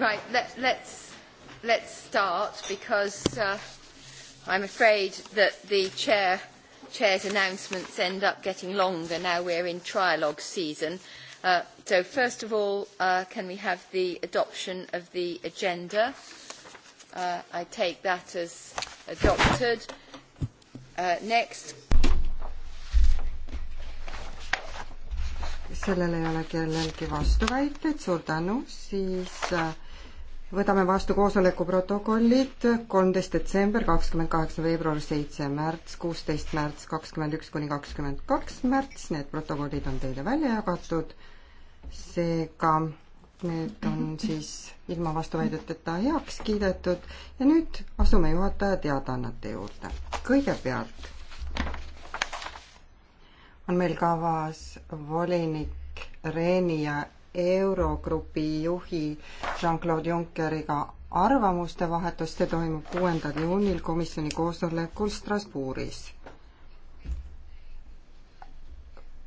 Right, let, let's, let's start because uh, I'm afraid that the chair, chair's announcements end up getting longer now we're in trialogue season. Uh, so first of all, uh, can we have the adoption of the agenda? Uh, I take that as adopted. Uh, next. sellele ei ole kellelgi vastuväiteid, suur tänu, siis äh, võtame vastu koosoleku protokollid kolmteist detsember, kakskümmend kaheksa veebruar, seitse märts, kuusteist märts, kakskümmend üks kuni kakskümmend kaks märts, need protokollid on teile välja jagatud. seega need on siis ilma vastuväideteta heaks kiidetud ja nüüd asume juhataja teadaannete juurde. kõigepealt on meil kavas volinik Reeni ja Eurogrupi juhi Jean-Claude Junckeriga arvamuste vahetus, see toimub kuuendal juunil komisjoni koosolekul Strasbourgis.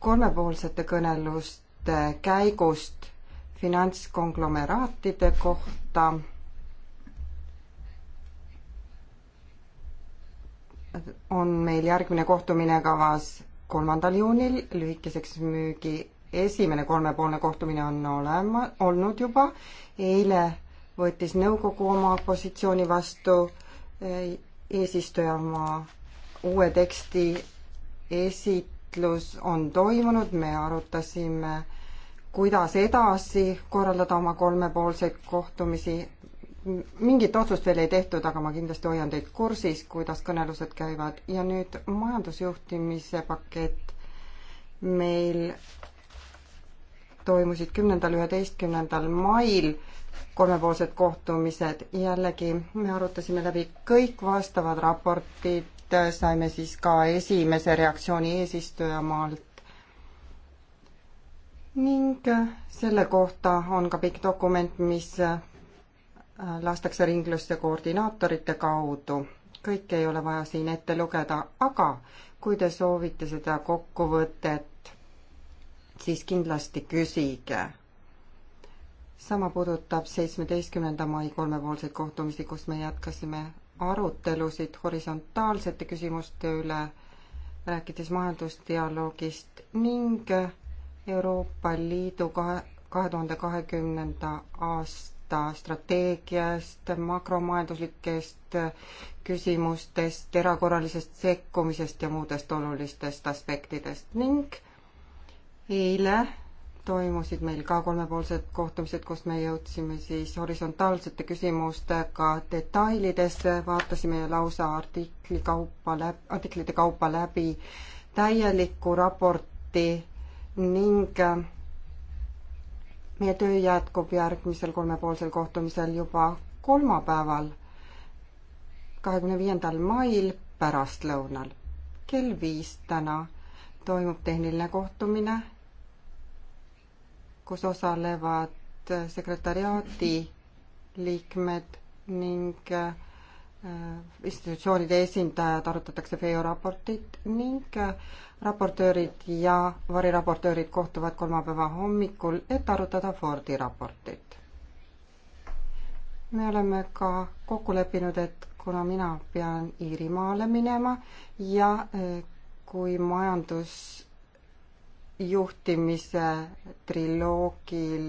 kolmepoolsete kõneluste käigust finantskonglomeraatide kohta on meil järgmine kohtumine kavas kolmandal juunil lühikeseks müügi esimene kolmepoolne kohtumine on olema, olnud juba, eile võttis nõukogu oma positsiooni vastu, e-, eesistuja oma uue teksti esitlus on toimunud, me arutasime, kuidas edasi korraldada oma kolmepoolseid kohtumisi, mingit otsust veel ei tehtud, aga ma kindlasti hoian teid kursis, kuidas kõnelused käivad ja nüüd majandusjuhtimise pakett. meil toimusid kümnendal, üheteistkümnendal mail kolmepoolsed kohtumised, jällegi me arutasime läbi kõik vastavad raportid, saime siis ka esimese reaktsiooni eesistujamaalt. ning selle kohta on ka pikk dokument, mis lastakse ringlusse koordinaatorite kaudu. kõike ei ole vaja siin ette lugeda, aga kui te soovite seda kokkuvõtet siis kindlasti küsige. sama puudutab seitsmeteistkümnenda mai kolmepoolseid kohtumisi, kus me jätkasime arutelusid horisontaalsete küsimuste üle, rääkides majandusdialoogist ning Euroopa Liidu kahe, kahe tuhande kahekümnenda aasta strateegiast, makromajanduslikest küsimustest, erakorralisest sekkumisest ja muudest olulistest aspektidest ning eile toimusid meil ka kolmepoolsed kohtumised, kus me jõudsime siis horisontaalsete küsimustega detailidesse, vaatasime lausa artikli kaupa läbi, artiklite kaupa läbi täieliku raporti ning meie töö jätkub järgmisel kolmepoolsel kohtumisel juba kolmapäeval, kahekümne viiendal mail pärastlõunal kell viis täna toimub tehniline kohtumine kus osalevad sekretariaadi liikmed ning äh, institutsioonide esindajad, arutatakse FEO raportit ning äh, raportöörid ja variraportöörid kohtuvad kolmapäeva hommikul, et arutada Fordi raportit. me oleme ka kokku leppinud, et kuna mina pean Iirimaale minema ja äh, kui majandus juhtimise triloogil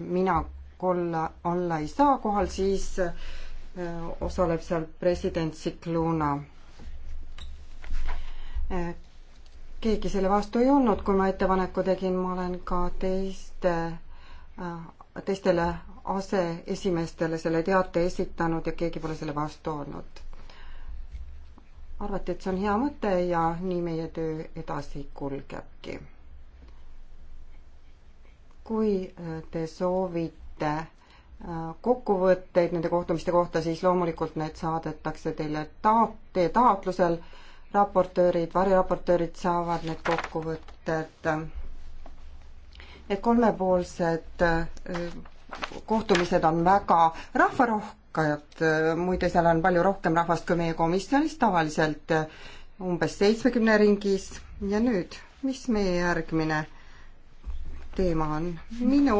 mina olla, olla ei saa kohal, siis äh, osaleb seal president Sikluna. Äh, keegi selle vastu ei olnud, kui ma ettepaneku tegin, ma olen ka teiste, äh, teistele aseesimeestele selle teate esitanud ja keegi pole selle vastu olnud. arvati, et see on hea mõte ja nii meie töö edasi kulgebki kui äh, te soovite äh, kokkuvõtteid nende kohtumiste kohta, siis loomulikult need saadetakse teile taot-, teie taotlusel. raportöörid, variraportöörid saavad need kokkuvõtted. Äh, need kolmepoolsed kohtumised on väga rahvarohkajad, muide, seal on palju rohkem rahvast kui meie komisjonis tavaliselt, umbes seitsmekümne ringis ja nüüd, mis meie järgmine äh, teema on minu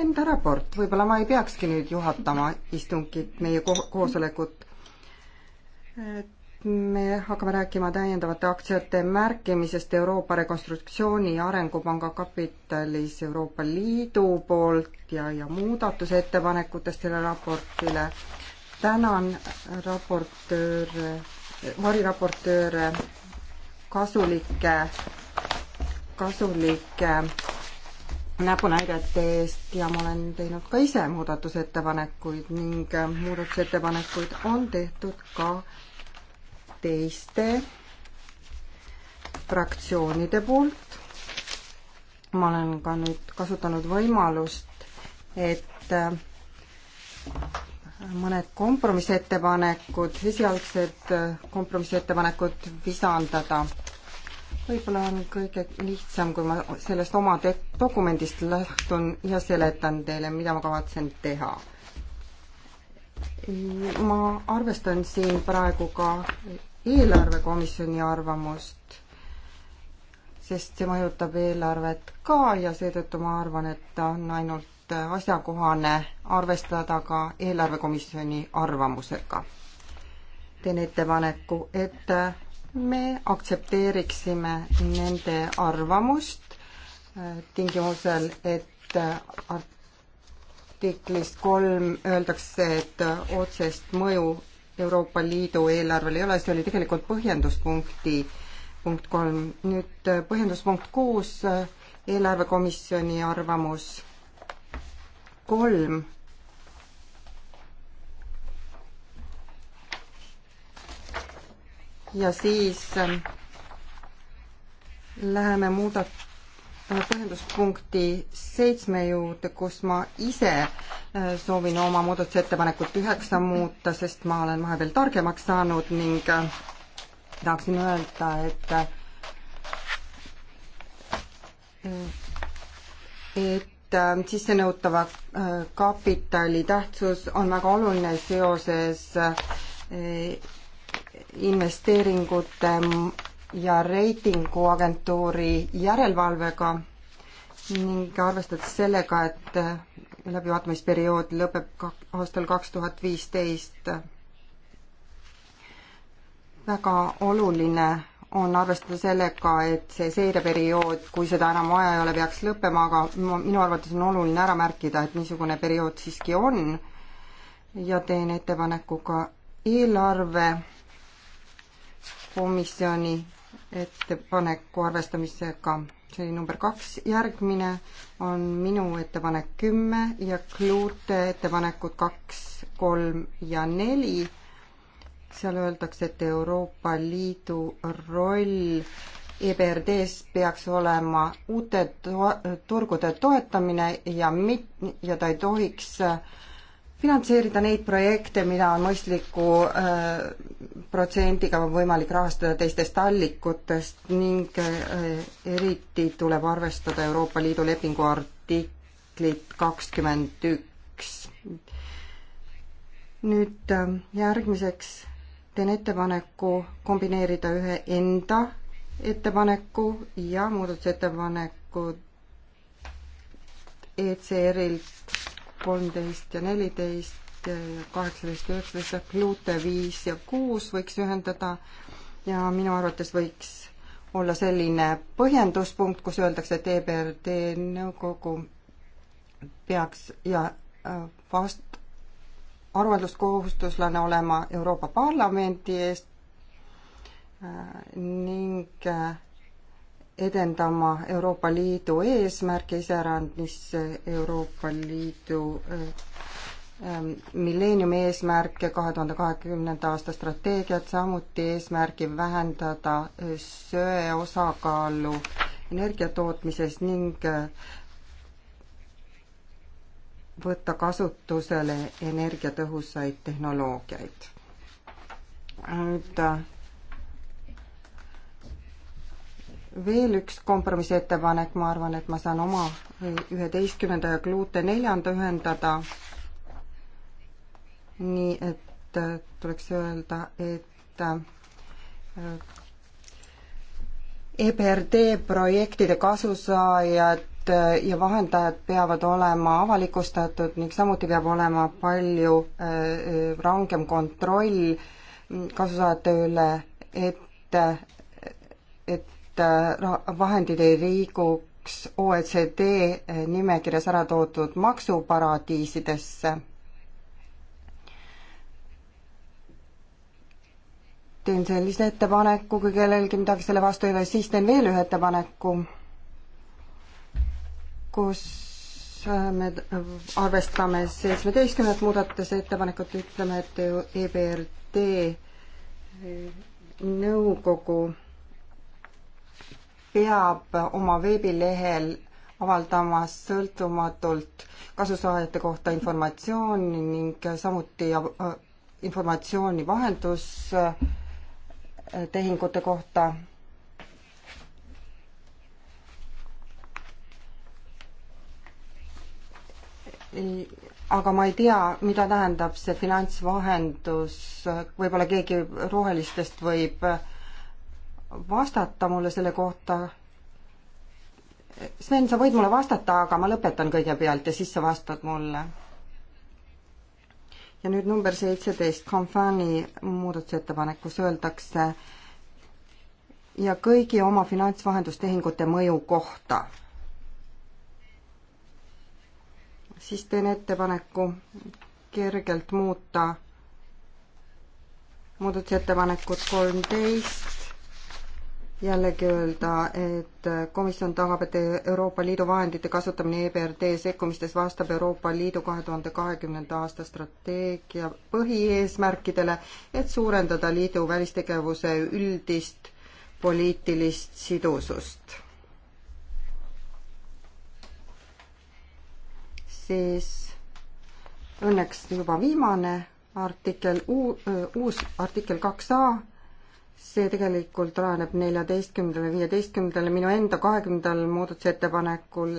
enda raport, võib-olla ma ei peakski nüüd juhatama istungit, meie ko-, koosolekut. me hakkame rääkima täiendavate aktsiate märkimisest Euroopa Rekonstruktsiooni ja Arengupanga kapitalis Euroopa Liidu poolt ja, ja muudatusettepanekutest selle raportile. tänan raportööre, variraportööre kasulike, kasulike näpunäidetest ja ma olen teinud ka ise muudatusettepanekuid ning äh, muudatusettepanekuid on tehtud ka teiste fraktsioonide poolt. ma olen ka nüüd kasutanud võimalust, et äh, mõned kompromissettepanekud, esialgsed äh, kompromissettepanekud visandada võib-olla on kõige lihtsam, kui ma sellest oma te-, dokumendist lähtun ja seletan teile, mida ma kavatsen teha. ma arvestan siin praegu ka eelarvekomisjoni arvamust, sest see mõjutab eelarvet ka ja seetõttu ma arvan, et on ainult asjakohane arvestada ka eelarvekomisjoni arvamusega. teen ettepaneku, et me aktsepteeriksime nende arvamust äh, tingimusel, et äh, artiklist kolm öeldakse, et äh, otsest mõju Euroopa Liidu eelarvel ei ole, see oli tegelikult põhjenduspunkti punkt kolm. nüüd põhjenduspunkt kuus, eelarvekomisjoni arvamus kolm ja siis ähm, läheme muudat-, äh, põhjenduspunkti seitsme juurde, kus ma ise äh, soovin oma muudatusettepanekut üheksa muuta, sest ma olen vahepeal targemaks saanud ning äh, tahaksin öelda, et et sissenõutava kapitali tähtsus on väga oluline seoses investeeringute ja reitinguagentuuri järelevalvega ning arvestades sellega, et läbivaatamisperiood lõpeb aastal kaks tuhat viisteist, väga oluline on arvestada sellega, et see seireperiood, kui seda enam vaja ei ole, peaks lõppema, aga minu arvates on oluline ära märkida, et niisugune periood siiski on ja teen ettepaneku ka eelarve komisjoni ettepaneku arvestamisega, see oli number kaks, järgmine on minu ettepanek kümme ja Klute ettepanekud kaks, kolm ja neli. seal öeldakse, et Euroopa Liidu roll EBRD-s peaks olema uute turgude toetamine ja mit-, ja ta ei tohiks äh, finantseerida neid projekte, mida on mõistliku äh, protsendiga võimalik rahastada teistest allikutest ning äh, eriti tuleb arvestada Euroopa Liidu lepingu artiklit kakskümmend üks. nüüd äh, järgmiseks teen ettepaneku kombineerida ühe enda ettepaneku ja muudatusettepaneku ECR-ilt kolmteist ja neliteist, kaheksateist, üheksateist ehk luute viis ja kuus võiks ühendada ja minu arvates võiks olla selline põhjenduspunkt, kus öeldakse, et EBRD nõukogu peaks ja äh, vast-, aruandluskohustuslane olema Euroopa Parlamendi eest äh, ning äh, edendama Euroopa Liidu eesmärke, iseäranis Euroopa Liidu äh, ähm, milleeniumi eesmärke, kahe tuhande kahekümnenda aasta strateegiat, samuti eesmärgi vähendada äh, söe osakaalu energiatootmises ning äh, võtta kasutusele energiatõhusaid tehnoloogiaid. nüüd veel üks kompromissettepanek, ma arvan, et ma saan oma üheteistkümnenda ja gluute neljanda ühendada. nii et äh, tuleks öelda, et äh, EBRD projektide kasusaajad äh, ja vahendajad peavad olema avalikustatud ning samuti peab olema palju rangem kontroll kasusaajate üle, et, et et äh, vahendid ei liiguks OECD äh, nimekirjas ära toodud maksuparadiisidesse. teen sellise ettepaneku, kui kellelgi midagi selle vastu ei ole, siis teen veel ühe ettepaneku, kus äh, me arvestame seitsmeteistkümnendat muudatusettepanekut, ütleme, et EBRD nõukogu peab oma veebilehel avaldama sõltumatult kasusaajate kohta informatsiooni ning samuti äh, informatsiooni vahendustehingute kohta. aga ma ei tea, mida tähendab see finantsvahendus, võib-olla keegi rohelistest võib äh, vastata mulle selle kohta. Sven, sa võid mulle vastata, aga ma lõpetan kõigepealt ja siis sa vastad mulle. ja nüüd number seitseteist, Confani muudatusettepanekus öeldakse ja kõigi oma finantsvahendustehingute mõju kohta siis teen ettepaneku kergelt muuta muudatusettepanekut kolmteist jällegi öelda, et komisjon tahab, et Euroopa Liidu vahendite kasutamine EBRD sekkumistes vastab Euroopa Liidu kahe tuhande kahekümnenda aasta strateegia põhieesmärkidele, et suurendada liidu välistegevuse üldist poliitilist sidusust. siis õnneks juba viimane artikkel, uus artikkel kaks A see tegelikult rajaneb neljateistkümnendale, viieteistkümnendale, minu enda kahekümnendal muudatusettepanekul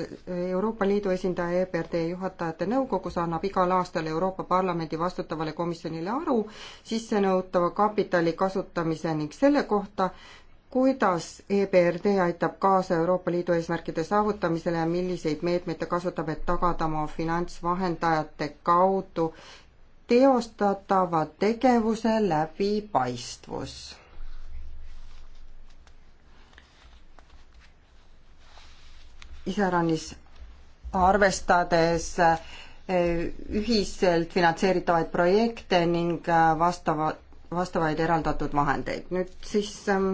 Euroopa Liidu esindaja EBRD juhatajate nõukogus annab igal aastal Euroopa Parlamendi vastutavale komisjonile aru sissenõutava kapitali kasutamise ning selle kohta, kuidas EBRD aitab kaasa Euroopa Liidu eesmärkide saavutamisele ja milliseid meetmeid ta kasutab, et tagada oma finantsvahendajate kaudu teostatava tegevuse läbipaistvus iseäranis arvestades eh, ühiselt finantseeritavaid projekte ning eh, vastava, vastavaid eraldatud vahendeid. nüüd siis ähm,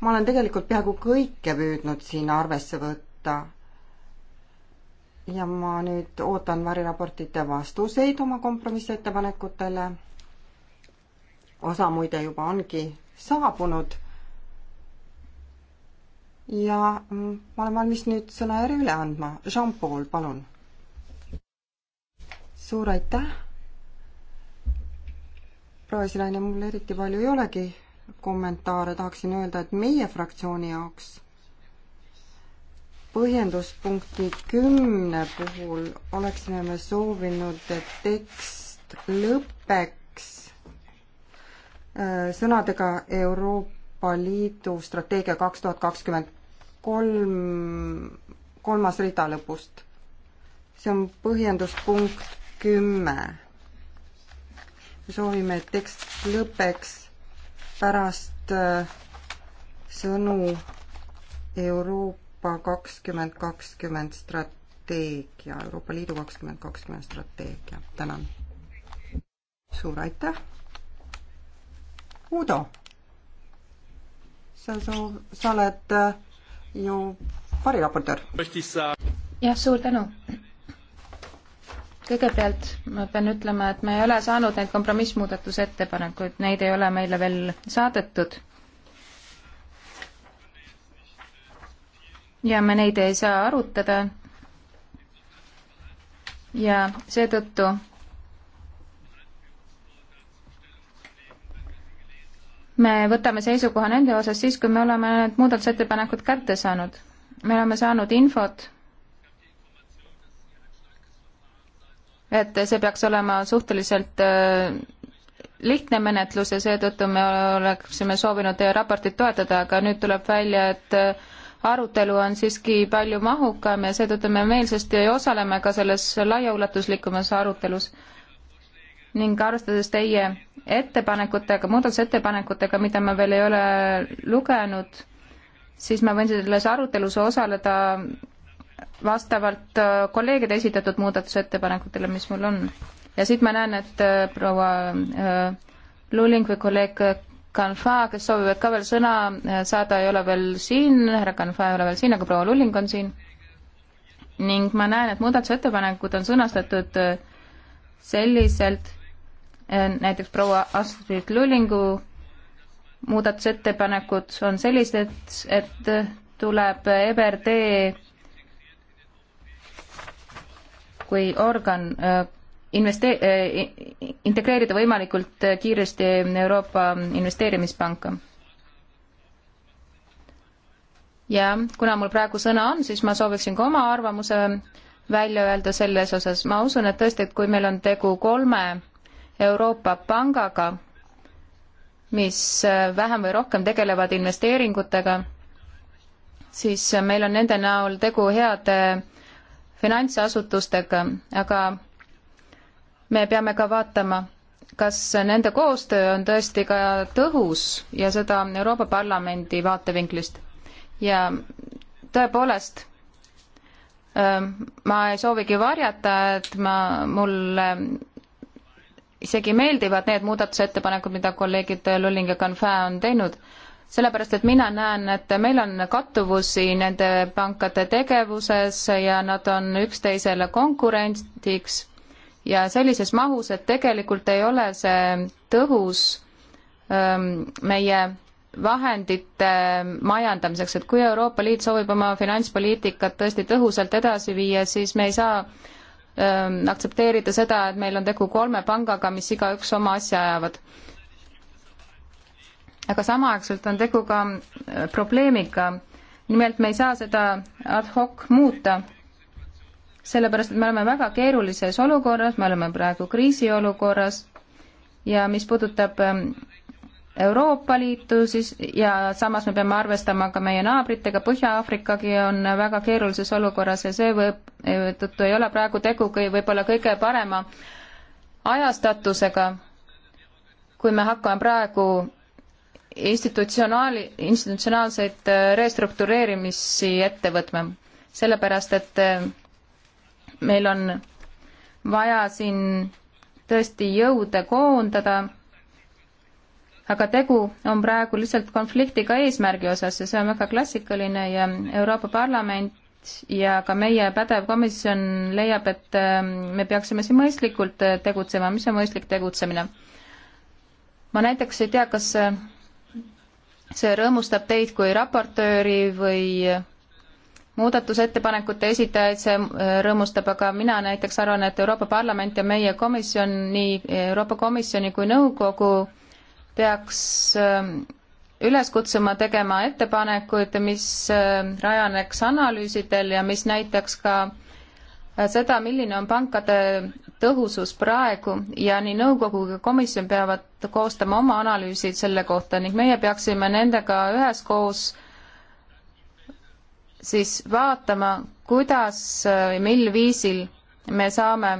ma olen tegelikult peaaegu kõike püüdnud siin arvesse võtta. ja ma nüüd ootan variraportite vastuseid oma kompromissettepanekutele. osa muide juba ongi saabunud ja mm, ma olen valmis nüüd sõnajärje üle andma. Jean-Paul, palun. suur aitäh. proua esinaine, mul eriti palju ei olegi kommentaare, tahaksin öelda, et meie fraktsiooni jaoks põhjenduspunkti kümne puhul oleksime me soovinud, et tekst lõpeks äh, sõnadega Euroopa Liidu strateegia kaks tuhat kakskümmend kolm, kolmas rida lõpust. see on põhjenduspunkt kümme. me soovime, et tekst lõpeks pärast äh, sõnu Euroopa kakskümmend kakskümmend strateegia, Euroopa Liidu kakskümmend kakskümmend strateegia. tänan. suur aitäh. Udo, sa soov, sa oled äh, ju variraportöör. jah, suur tänu. kõigepealt ma pean ütlema, et me ei ole saanud neid kompromissmuudatusettepanekuid, neid ei ole meile veel saadetud. ja me neid ei saa arutada. ja seetõttu me võtame seisukoha nende osas siis, kui me oleme need muudatusettepanekud kätte saanud. me oleme saanud infot, et see peaks olema suhteliselt äh, lihtne menetlus ja seetõttu me oleksime soovinud teie raportit toetada, aga nüüd tuleb välja, et äh, arutelu on siiski palju mahukam ja seetõttu me meelsasti osaleme ka selles laiaulatuslikumas arutelus ning arvestades teie ettepanekutega, muudatusettepanekutega, mida ma veel ei ole lugenud, siis ma võin selles arutelus osaleda vastavalt äh, kolleegide esitatud muudatusettepanekutele, mis mul on. ja siit ma näen, et äh, proua äh, Luling või kolleeg Kanfa, kes soovivad ka veel sõna saada, ei ole veel siin, härra Kanfa ei ole veel siin, aga proua Luling on siin. ning ma näen, et muudatusettepanekud on sõnastatud selliselt, näiteks proua Astrid Lullingu muudatusettepanekud on sellised, et tuleb EBRD kui organ äh, investee-, äh, integreerida võimalikult kiiresti Euroopa Investeerimispanka. ja kuna mul praegu sõna on, siis ma sooviksin ka oma arvamuse välja öelda selles osas, ma usun, et tõesti, et kui meil on tegu kolme Euroopa Pangaga, mis äh, vähem või rohkem tegelevad investeeringutega, siis meil on nende näol tegu heade finantsasutustega, aga me peame ka vaatama, kas nende koostöö on tõesti ka tõhus ja seda Euroopa Parlamendi vaatevinklist. ja tõepoolest, äh, ma ei soovigi varjata, et ma, mulle isegi meeldivad need muudatusettepanekud, mida kolleegid Lulling ja Canfa on teinud, sellepärast et mina näen, et meil on kattuvusi nende pankade tegevuses ja nad on üksteisele konkurendiks ja sellises mahus, et tegelikult ei ole see tõhus ähm, meie vahendite majandamiseks, et kui Euroopa Liit soovib oma finantspoliitikat tõesti tõhusalt edasi viia, siis me ei saa Ähm, aktsepteerida seda, et meil on tegu kolme pangaga, mis igaüks oma asja ajavad. aga samaaegselt on tegu ka äh, probleemiga. nimelt me ei saa seda ad hoc muuta, sellepärast et me oleme väga keerulises olukorras, me oleme praegu kriisiolukorras ja mis puudutab ähm, Euroopa Liitu, siis ja samas me peame arvestama ka meie naabritega, Põhja-Aafrikagi on väga keerulises olukorras ja seetõttu ei ole praegu tegu kõi, võib-olla kõige parema ajastatusega, kui me hakkame praegu institutsionaali, institutsionaalseid äh, restruktureerimisi ette võtma. sellepärast, et äh, meil on vaja siin tõesti jõude koondada aga tegu on praegu lihtsalt konfliktiga eesmärgi osas ja see on väga klassikaline ja Euroopa Parlament ja ka meie pädev komisjon leiab, et ähm, me peaksime siin mõistlikult äh, tegutsema, mis on mõistlik tegutsemine. ma näiteks ei tea, kas äh, see rõõmustab teid kui raportööri või äh, muudatusettepanekute esitajaid see rõõmustab, aga mina näiteks arvan, et Euroopa Parlament ja meie komisjon, nii Euroopa Komisjoni kui nõukogu peaks ähm, üles kutsuma tegema ettepanekuid, mis ähm, rajaneks analüüsidel ja mis näitaks ka äh, seda, milline on pankade tõhusus praegu ja nii nõukogu kui komisjon peavad koostama oma analüüsid selle kohta ning meie peaksime nendega üheskoos siis vaatama, kuidas või äh, mil viisil me saame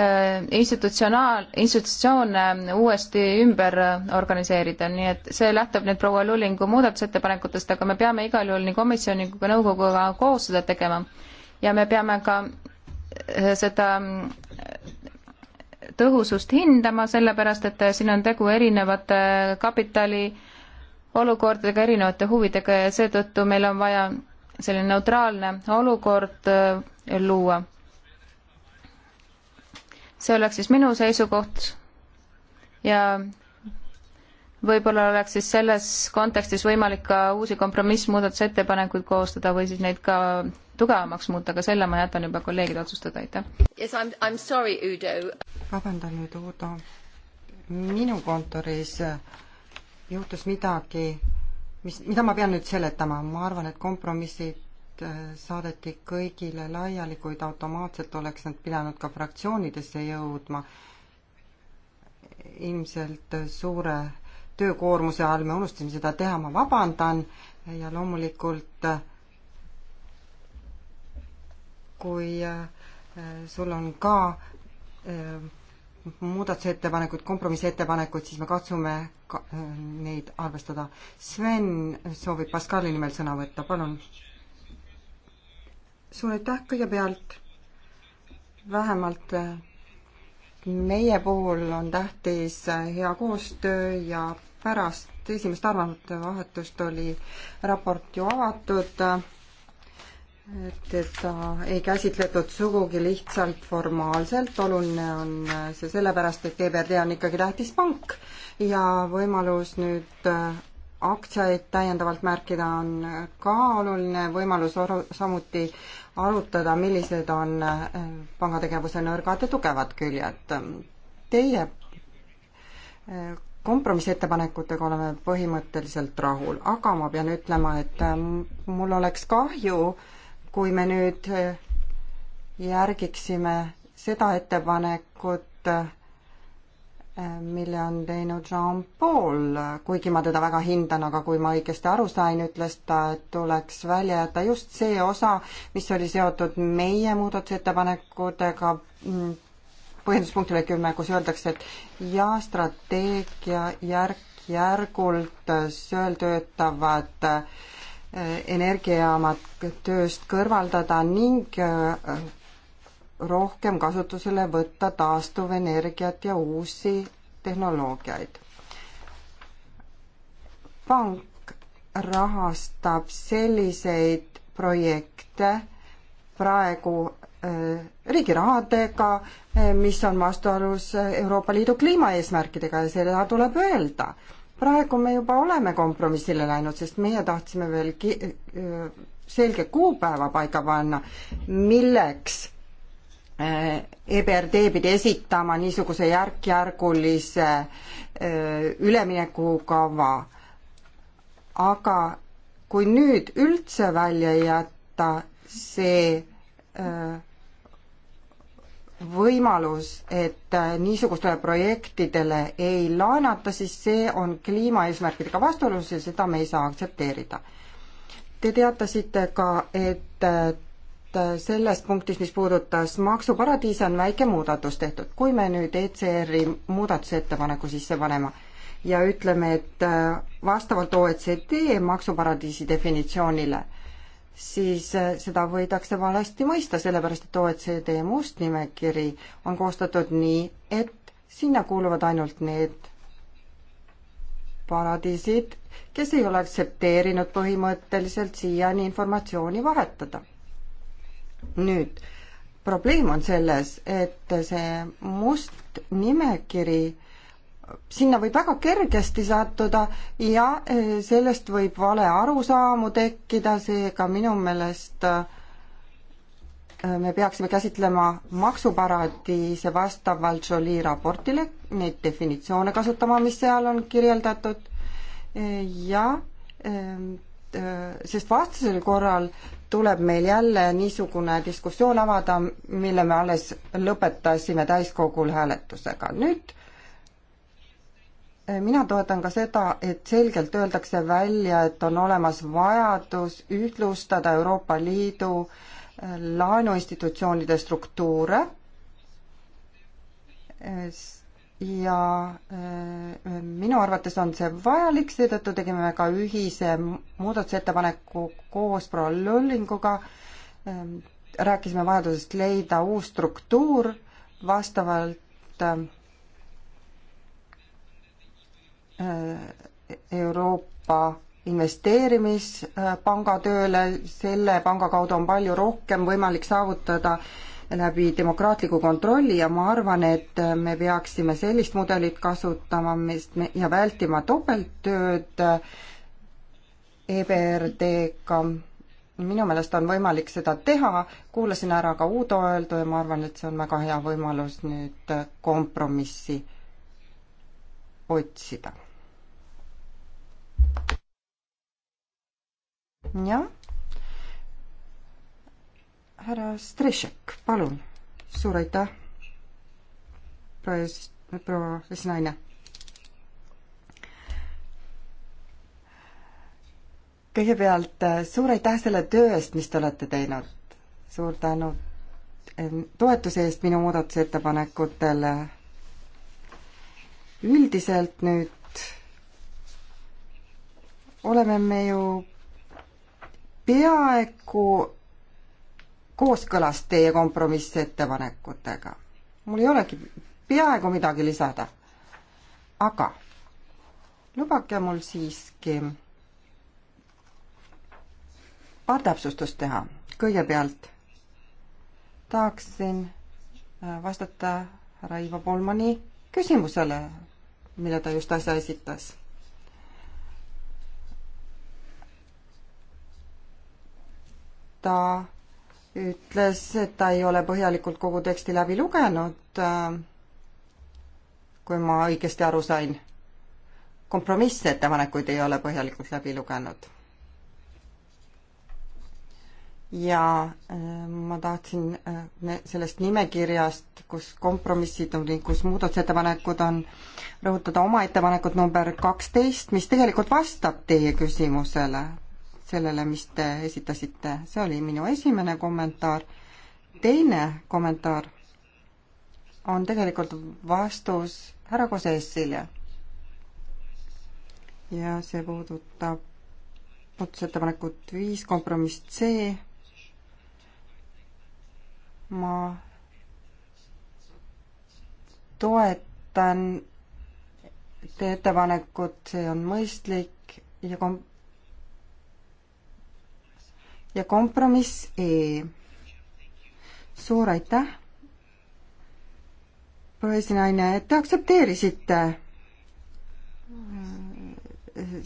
Äh, institutsionaal, institutsioone äh, uuesti ümber äh, organiseerida, nii et see lähtub nüüd proua Lullingu muudatusettepanekutest, aga me peame igal juhul nii komisjoni kui ka nõukoguga koos seda tegema. ja me peame ka seda tõhusust hindama, sellepärast et siin on tegu erinevate kapitali olukordadega, erinevate huvidega ja seetõttu meil on vaja selline neutraalne olukord luua see oleks siis minu seisukoht ja võib-olla oleks siis selles kontekstis võimalik ka uusi kompromissmuudatusettepanekuid koostada või siis neid ka tugevamaks muuta, aga selle ma jätan juba kolleegide otsustada, aitäh. Yes, I m sorry, Udo. vabandan nüüd, Udo. minu kontoris juhtus midagi, mis, mida ma pean nüüd seletama, ma arvan, et kompromissid Äh, saadeti kõigile laiali, kuid automaatselt oleks nad pidanud ka fraktsioonidesse jõudma. ilmselt suure töökoormuse all me unustasime seda teha, ma vabandan ja loomulikult äh, kui äh, sul on ka muudatusettepanekuid, kompromissettepanekuid, siis me katsume ka, neid arvestada. Sven soovib Pascali nimel sõna võtta, palun suur aitäh kõigepealt, vähemalt äh, meie puhul on tähtis äh, hea koostöö ja pärast esimest arvamuste vahetust oli raport ju avatud, et teda ei käsitletud sugugi lihtsalt formaalselt, oluline on äh, see sellepärast, et EBRD on ikkagi tähtis pank ja võimalus nüüd aktsiaid täiendavalt märkida on ka oluline võimalus aru, samuti arutada, millised on eh, panga tegevuse nõrgad ja tugevad küljed. Teie eh, kompromissettepanekutega oleme põhimõtteliselt rahul, aga ma pean ütlema, et eh, mul oleks kahju, kui me nüüd järgiksime seda ettepanekut, Äh, mille on teinud Jean-Paul, kuigi ma teda väga hindan, aga kui ma õigesti aru sain, ütles ta, et tuleks välja jätta just see osa, mis oli seotud meie muudatusettepanekutega mm, põhjenduspunktile kümme, kus öeldakse, et ja strateegia järk-järgult sööl töötavad äh, energiajaamad tööst kõrvaldada ning äh, rohkem kasutusele võtta taastuvenergiat ja uusi tehnoloogiaid. pank rahastab selliseid projekte praegu äh, riigi rahadega, äh, mis on vastuolus äh, Euroopa Liidu kliimaeesmärkidega ja seda tuleb öelda. praegu me juba oleme kompromissile läinud, sest meie tahtsime veel ki-, selge kuupäeva paika panna, milleks Äh, EBRD pidi esitama niisuguse järk-järgulise äh, üleminekukava. aga kui nüüd üldse välja jätta see äh, võimalus, et niisugustele projektidele ei laenata, siis see on kliimaeesmärkidega vastuolus ja seda me ei saa aktsepteerida. Te teatasite ka, et selles punktis, mis puudutas maksuparadiise, on väike muudatus tehtud. kui me nüüd ECR-i muudatusettepaneku sisse paneme ja ütleme, et äh, vastavalt OECD maksuparadiisi definitsioonile, siis äh, seda võidakse valesti mõista, sellepärast et OECD must nimekiri on koostatud nii, et sinna kuuluvad ainult need paradiisid, kes ei ole aktsepteerinud põhimõtteliselt siiani informatsiooni vahetada nüüd probleem on selles, et see must nimekiri, sinna võib väga kergesti sattuda ja eh, sellest võib valearusaamu tekkida, seega minu meelest eh, me peaksime käsitlema maksuparadiise vastavalt Jolie raportile, neid definitsioone kasutama, mis seal on kirjeldatud eh, ja sest vastasel korral tuleb meil jälle niisugune diskussioon avada, mille me alles lõpetasime täiskogul hääletusega. nüüd mina toetan ka seda, et selgelt öeldakse välja, et on olemas vajadus ühtlustada Euroopa Liidu eh, laenuinstitutsioonide struktuure, eh, ja äh, minu arvates on see vajalik, seetõttu tegime ka ühise muudatusettepaneku koos proua Lullinguga. Ähm, rääkisime vajadusest leida uus struktuur vastavalt äh, Euroopa investeerimispanga tööle, selle panga kaudu on palju rohkem võimalik saavutada äh, läbi demokraatliku kontrolli ja ma arvan, et me peaksime sellist mudelit kasutama, mis me ja vältima topelttööd EBRD-ga. minu meelest on võimalik seda teha, kuulasin ära ka Uudo öeldu ja ma arvan, et see on väga hea võimalus nüüd kompromissi otsida. jah härra Strešek, palun. suur aitäh, proua esinaine. kõigepealt äh, suur aitäh selle töö eest, mis te olete teinud. suur tänu äh, toetuse eest minu muudatusettepanekutele. üldiselt nüüd oleme me ju peaaegu kooskõlas teie kompromissettepanekutega. mul ei olegi peaaegu midagi lisada. aga lubage mul siiski paar täpsustust teha. kõigepealt tahaksin äh, vastata härra Ivo Polmani küsimusele, mille ta just äsja esitas. ta ütles, et ta ei ole põhjalikult kogu teksti läbi lugenud, äh, kui ma õigesti aru sain. kompromissettepanekuid ei ole põhjalikult läbi lugenud. ja äh, ma tahtsin äh, sellest nimekirjast, kus kompromissid on, kus muudatusettepanekud on, rõhutada oma ettepanekut number kaksteist, mis tegelikult vastab teie küsimusele sellele, mis te esitasite. see oli minu esimene kommentaar. teine kommentaar on tegelikult vastus härra Kosessile. ja see puudutab muudatusettepanekut viis, kompromiss C. ma toetan teie ettepanekut, see on mõistlik ja kom-, ja kompromiss E. suur aitäh, poisinaine, et te aktsepteerisite äh,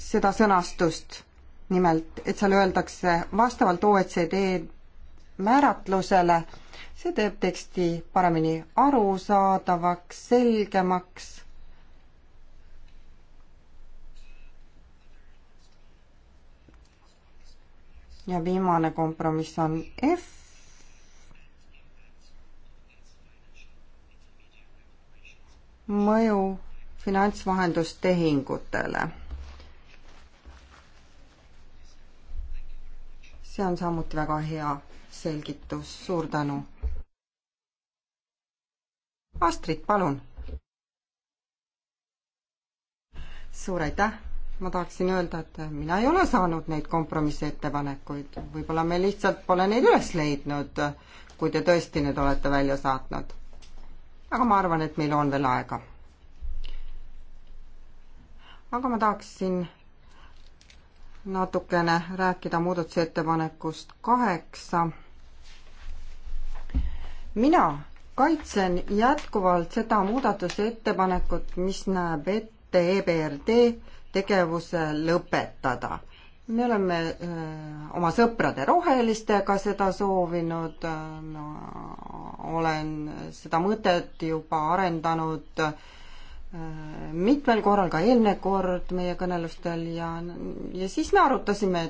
seda sõnastust, nimelt, et seal öeldakse vastavalt OECD määratlusele, see teeb teksti paremini arusaadavaks, selgemaks ja viimane kompromiss on F. mõju finantsvahendustehingutele. see on samuti väga hea selgitus, suur tänu. Astrid, palun. suur aitäh ma tahaksin öelda, et mina ei ole saanud neid kompromissettepanekuid, võib-olla me lihtsalt pole neid üles leidnud, kui te tõesti need olete välja saatnud. aga ma arvan, et meil on veel aega. aga ma tahaksin natukene rääkida muudatusettepanekust kaheksa. mina kaitsen jätkuvalt seda muudatusettepanekut, mis näeb ette EBRD tegevuse lõpetada. me oleme öö, äh, oma sõprade rohelistega seda soovinud, no äh, olen seda mõtet juba arendanud öö, äh, mitmel korral, ka eelmine kord meie kõnelustel ja, ja siis me arutasime,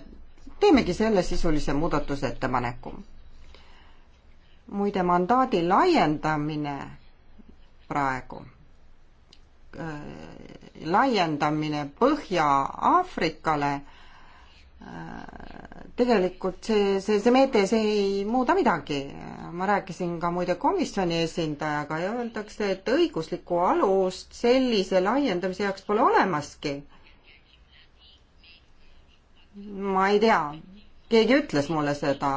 teemegi sellesisulise muudatusettepaneku. muide, mandaadi laiendamine praegu laiendamine Põhja-Aafrikale, tegelikult see, see, see meede, see ei muuda midagi. ma rääkisin ka muide komisjoni esindajaga ja öeldakse, et õiguslikku alust sellise laiendamise jaoks pole olemaski. ma ei tea, keegi ütles mulle seda,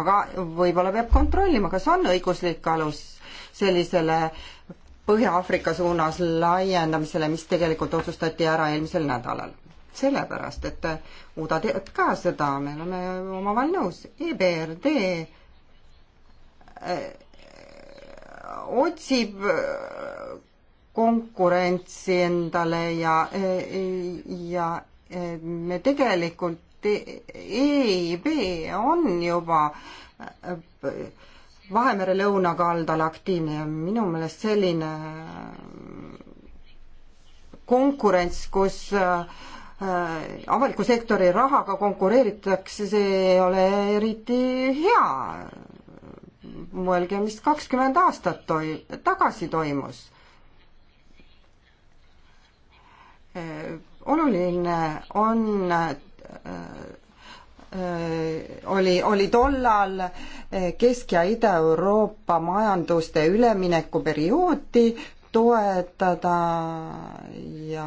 aga võib-olla peab kontrollima, kas on õiguslik alus sellisele Põhja-Aafrika suunas laiendamisele, mis tegelikult otsustati ära eelmisel nädalal. sellepärast, et UDA teab ka seda, me oleme omavahel nõus, EBRD äh, otsib äh, konkurentsi endale ja, äh, ja me tegelikult EIB e on juba Vahemere lõunakaldal aktiivne ja minu meelest selline konkurents, kus äh, avaliku sektori rahaga konkureeritakse, see ei ole eriti hea. mõelge, mis kakskümmend aastat toi-, tagasi toimus. Äh, oluline on äh, Äh, oli, oli tollal äh, Kesk- ja Ida-Euroopa majanduste üleminekuperioodi toetada ja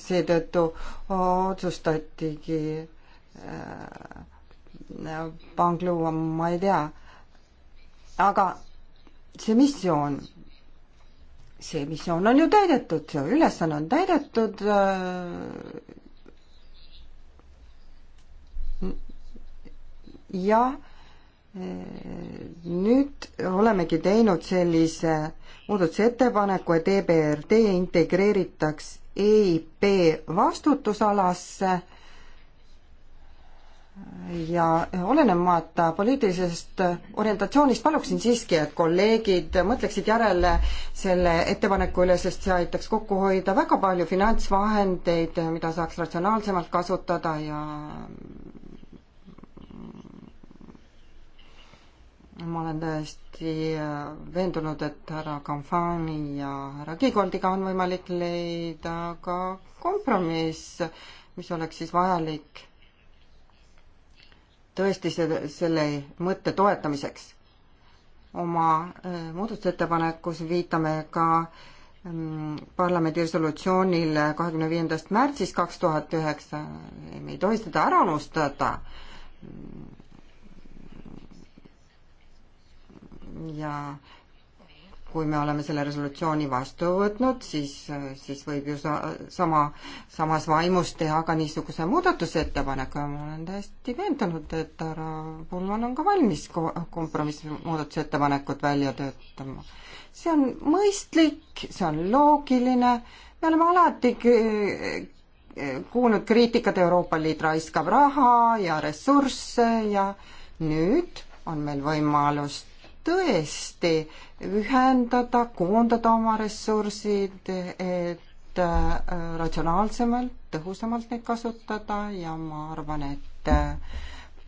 seetõttu otsustatigi äh, pank luua, ma ei tea. aga see missioon, see missioon on ju täidetud, see ülesanne on täidetud ja eh, nüüd olemegi teinud sellise muudatusettepaneku, et EBRD integreeritaks EIP vastutusalasse ja olenemata poliitilisest orientatsioonist paluksin siiski, et kolleegid mõtleksid järele selle ettepaneku üle, sest see aitaks kokku hoida väga palju finantsvahendeid, mida saaks ratsionaalsemalt kasutada ja ma olen täiesti äh, veendunud, et härra Kanfani ja härra Kiigoldiga on võimalik leida ka kompromiss, mis oleks siis vajalik tõesti selle, selle mõtte toetamiseks. oma äh, muudatusettepanekus viitame ka mm, parlamendi resolutsioonile kahekümne viiendast märtsist kaks tuhat üheksa, me ei tohi seda ära unustada ja kui me oleme selle resolutsiooni vastu võtnud, siis, siis võib ju sa-, sama, samas vaimus teha ka niisuguse muudatusettepaneku ja ma olen täiesti veendunud, et härra Pullmann on ka valmis ko-, kompromissmuudatusettepanekut välja töötama. see on mõistlik, see on loogiline, me oleme alati kuulnud kriitikat, Euroopa Liit raiskab raha ja ressursse ja nüüd on meil võimalus tõesti ühendada, koondada oma ressursid, et äh, ratsionaalsemalt, tõhusamalt neid kasutada ja ma arvan, et äh,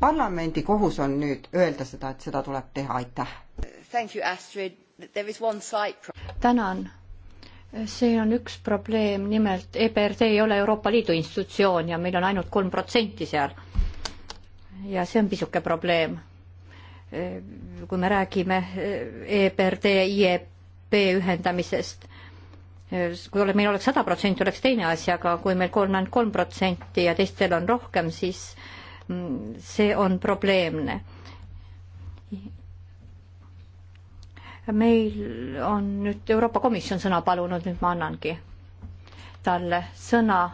parlamendi kohus on nüüd öelda seda, et seda tuleb teha, aitäh. tänan. see on üks probleem, nimelt EBRD ei ole Euroopa Liidu institutsioon ja meil on ainult kolm protsenti seal. ja see on pisuke probleem kui me räägime EBRD, e IEP ühendamisest. kui ole, meil oleks sada protsenti, oleks teine asi, aga kui meil kolm, ainult kolm protsenti ja teistel on rohkem, siis mm, see on probleemne. meil on nüüd Euroopa Komisjon sõna palunud, nüüd ma annangi talle sõna.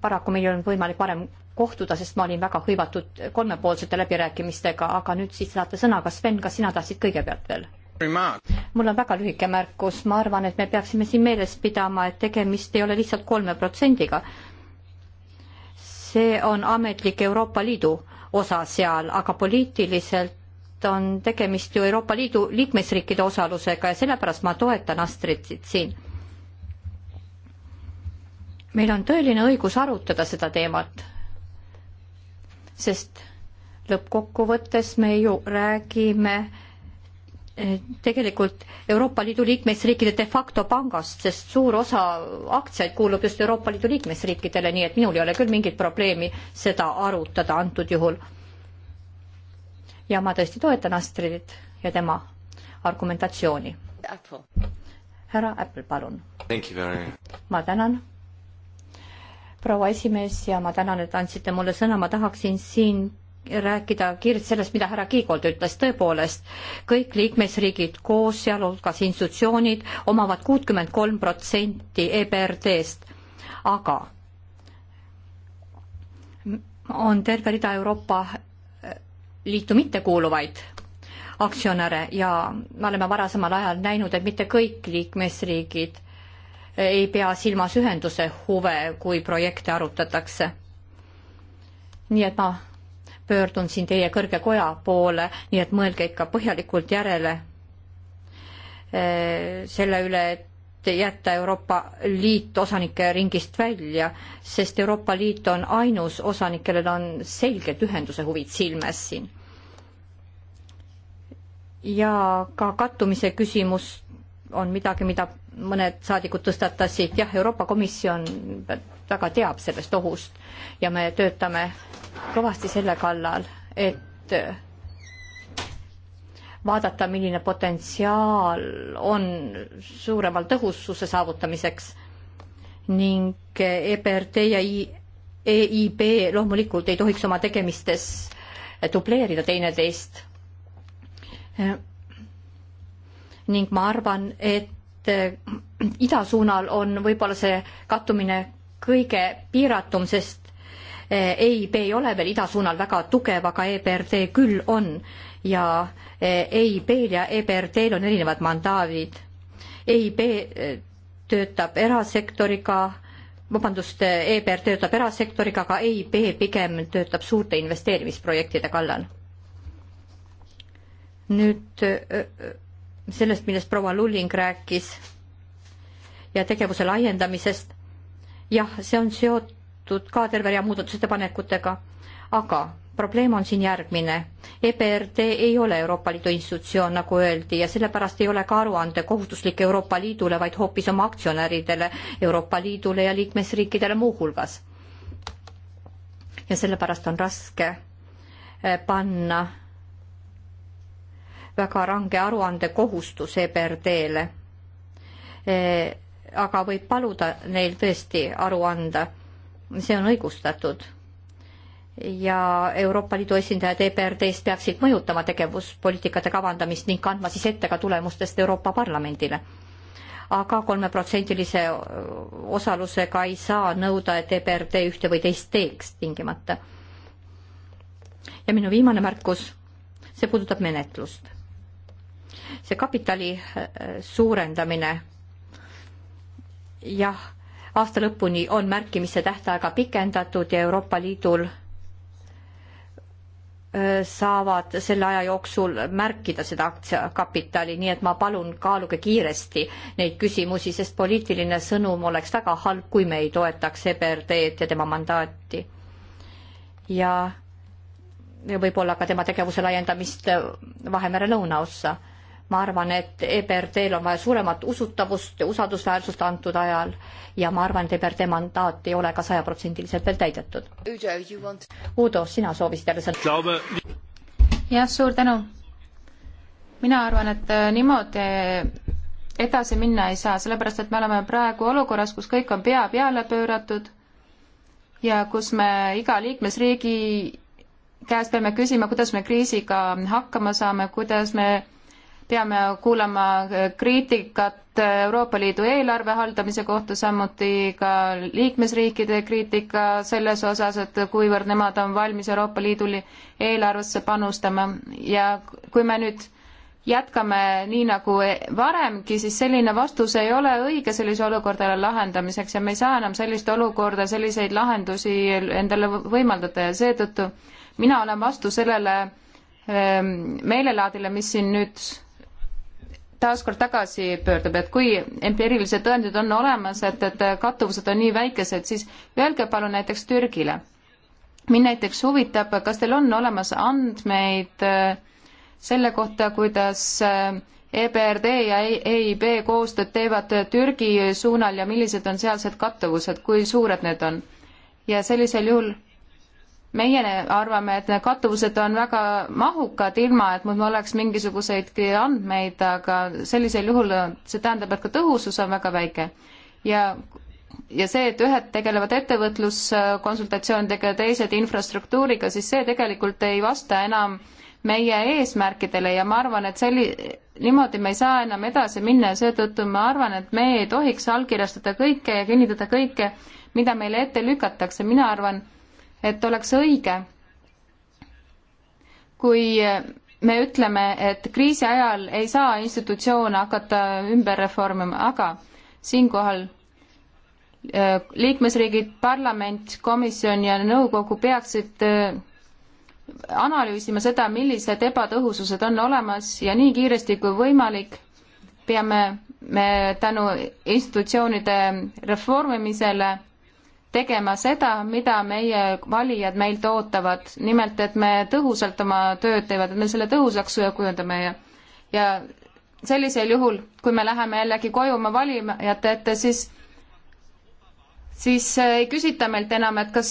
paraku meil ei olnud võimalik varem kohtuda, sest ma olin väga hõivatud kolmepoolsete läbirääkimistega, aga nüüd siis saate sõna, kas Sven, kas sina tahtsid kõigepealt veel? mul on väga lühike märkus, ma arvan, et me peaksime siin meeles pidama, et tegemist ei ole lihtsalt kolme protsendiga. see on ametlik Euroopa Liidu osa seal, aga poliitiliselt on tegemist ju Euroopa Liidu liikmesriikide osalusega ja sellepärast ma toetan Astridit siin. meil on tõeline õigus arutada seda teemat sest lõppkokkuvõttes me ju räägime eh, tegelikult Euroopa Liidu liikmesriikide de facto pangast, sest suur osa aktsiaid kuulub just Euroopa Liidu liikmesriikidele, nii et minul ei ole küll mingit probleemi seda arutada antud juhul. ja ma tõesti toetan Astridit ja tema argumentatsiooni. härra Apple, palun. ma tänan proua esimees ja ma tänan, et andsite mulle sõna, ma tahaksin siin rääkida kiirelt sellest, mida härra Kiigold ütles, tõepoolest kõik liikmesriigid koos, sealhulgas institutsioonid, omavad kuutkümmend kolm protsenti EBRD-st, aga on terve rida Euroopa Liitu mittekuuluvaid aktsionäre ja me oleme varasemal ajal näinud, et mitte kõik liikmesriigid ei pea silmas ühenduse huve, kui projekte arutatakse. nii et ma pöördun siin teie kõrge koja poole, nii et mõelge ikka põhjalikult järele eh, selle üle, et jätta Euroopa Liit osanike ringist välja, sest Euroopa Liit on ainus osanik, kellel on selgelt ühenduse huvid silmes siin. ja ka kattumise küsimust on midagi, mida mõned saadikud tõstatasid, jah, Euroopa Komisjon väga teab sellest ohust ja me töötame kõvasti selle kallal, et vaadata, milline potentsiaal on suuremal tõhususe saavutamiseks ning EBRD ja EIB loomulikult ei tohiks oma tegemistes dubleerida teineteist ning ma arvan, et eh, ida suunal on võib-olla see kattumine kõige piiratum, sest EIB eh, e ei ole veel ida suunal väga tugev, aga EBRD küll on ja EIB-l eh, e ja EBRD-l on erinevad mandaadid. EIB töötab erasektoriga, vabandust, EBR e töötab erasektoriga, aga EIB pigem töötab suurte investeerimisprojektide kallal. nüüd sellest, millest proua Lulling rääkis ja tegevuse laiendamisest. jah, see on seotud ka terve rea muudatusettepanekutega, aga probleem on siin järgmine. EBRD ei ole Euroopa Liidu institutsioon, nagu öeldi, ja sellepärast ei ole ka aruande kohustuslik Euroopa Liidule, vaid hoopis oma aktsionäridele, Euroopa Liidule ja liikmesriikidele muuhulgas. ja sellepärast on raske eh, panna väga range aruandekohustus EBRD-le. E, aga võib paluda neil tõesti aru anda, see on õigustatud. ja Euroopa Liidu esindajad EBRD-st peaksid mõjutama tegevuspoliitikate kavandamist ning kandma siis ette ka tulemustest Euroopa Parlamendile aga kolmeprotsendilise osalusega ei saa nõuda, et EBRD ühte või teist teeks tingimata. ja minu viimane märkus, see puudutab menetlust see kapitali äh, suurendamine. jah, aasta lõpuni on märkimise tähtaega pikendatud ja Euroopa Liidul äh, saavad selle aja jooksul märkida seda aktsiakapitali, nii et ma palun, kaaluge kiiresti neid küsimusi, sest poliitiline sõnum oleks väga halb, kui me ei toetaks EBRD-d ja tema mandaati. ja ja võib-olla ka tema tegevuse laiendamist Vahemere lõunaossa ma arvan, et EBRD-l on vaja suuremat usutavust ja usaldusväärsust antud ajal ja ma arvan, et EBRD mandaat ei ole ka sajaprotsendiliselt veel täidetud. Want... Udo, sina soovisid jälle sõna? jah, suur tänu. mina arvan, et äh, niimoodi edasi minna ei saa, sellepärast et me oleme praegu olukorras, kus kõik on pea peale pööratud ja kus me iga liikmesriigi käest peame küsima, kuidas me kriisiga hakkama saame, kuidas me peame kuulama kriitikat Euroopa Liidu eelarve haldamise kohta, samuti ka liikmesriikide kriitika selles osas, et kuivõrd nemad on valmis Euroopa Liidu eelarvesse panustama ja kui me nüüd jätkame nii nagu varemgi, siis selline vastus ei ole õige sellise olukorda lahendamiseks ja me ei saa enam sellist olukorda, selliseid lahendusi endale võimaldada ja seetõttu mina olen vastu sellele ehm, meelelaadile, mis siin nüüd taaskord tagasi pöördub, et kui empiirilised tõendid on olemas, et, et kattuvused on nii väikesed, siis öelge palun näiteks Türgile. mind näiteks huvitab, kas teil on olemas andmeid äh, selle kohta, kuidas äh, EBRD ja EIB koostööd teevad Türgi suunal ja millised on sealsed kattuvused, kui suured need on? ja sellisel juhul meie arvame, et need kattuvused on väga mahukad, ilma et mul oleks mingisuguseidki andmeid, aga sellisel juhul see tähendab, et ka tõhusus on väga väike. ja, ja see, et ühed tegelevad ettevõtluskonsultatsioonidega ja teised infrastruktuuriga, siis see tegelikult ei vasta enam meie eesmärkidele ja ma arvan, et selli-, niimoodi me ei saa enam edasi minna ja seetõttu ma arvan, et me ei tohiks allkirjastada kõike ja kinnitada kõike, mida meile ette lükatakse, mina arvan, et oleks õige, kui me ütleme, et kriisi ajal ei saa institutsioone hakata ümber reformima, aga siinkohal äh, liikmesriigid, parlament, komisjon ja nõukogu peaksid äh, analüüsima seda, millised ebatõhusused on olemas ja nii kiiresti kui võimalik peame me tänu institutsioonide reformimisele tegema seda, mida meie valijad meilt ootavad, nimelt et me tõhusalt oma tööd teevad, et me selle tõhusaks kujundame ja ja sellisel juhul, kui me läheme jällegi koju oma valijate ette, siis siis ei küsita meilt enam, et kas,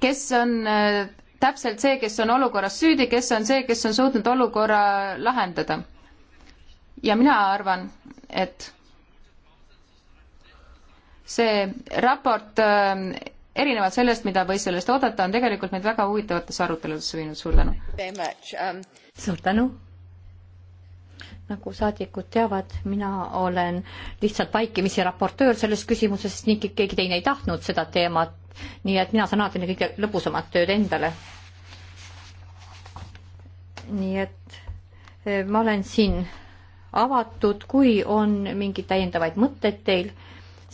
kes on täpselt see, kes on olukorras süüdi, kes on see, kes on suutnud olukorra lahendada. ja mina arvan, et see raport äh, erinevalt sellest, mida võis sellest oodata, on tegelikult meid väga huvitavatesse aruteludesse viinud, suur tänu um...! suur tänu! nagu saadikud teavad, mina olen lihtsalt vaikimisi raportöör selles küsimuses, sest nii keegi teine ei tahtnud seda teemat, nii et mina saan alati kõige lõbusamat tööd endale. nii et äh, ma olen siin avatud, kui on mingeid täiendavaid mõtteid teil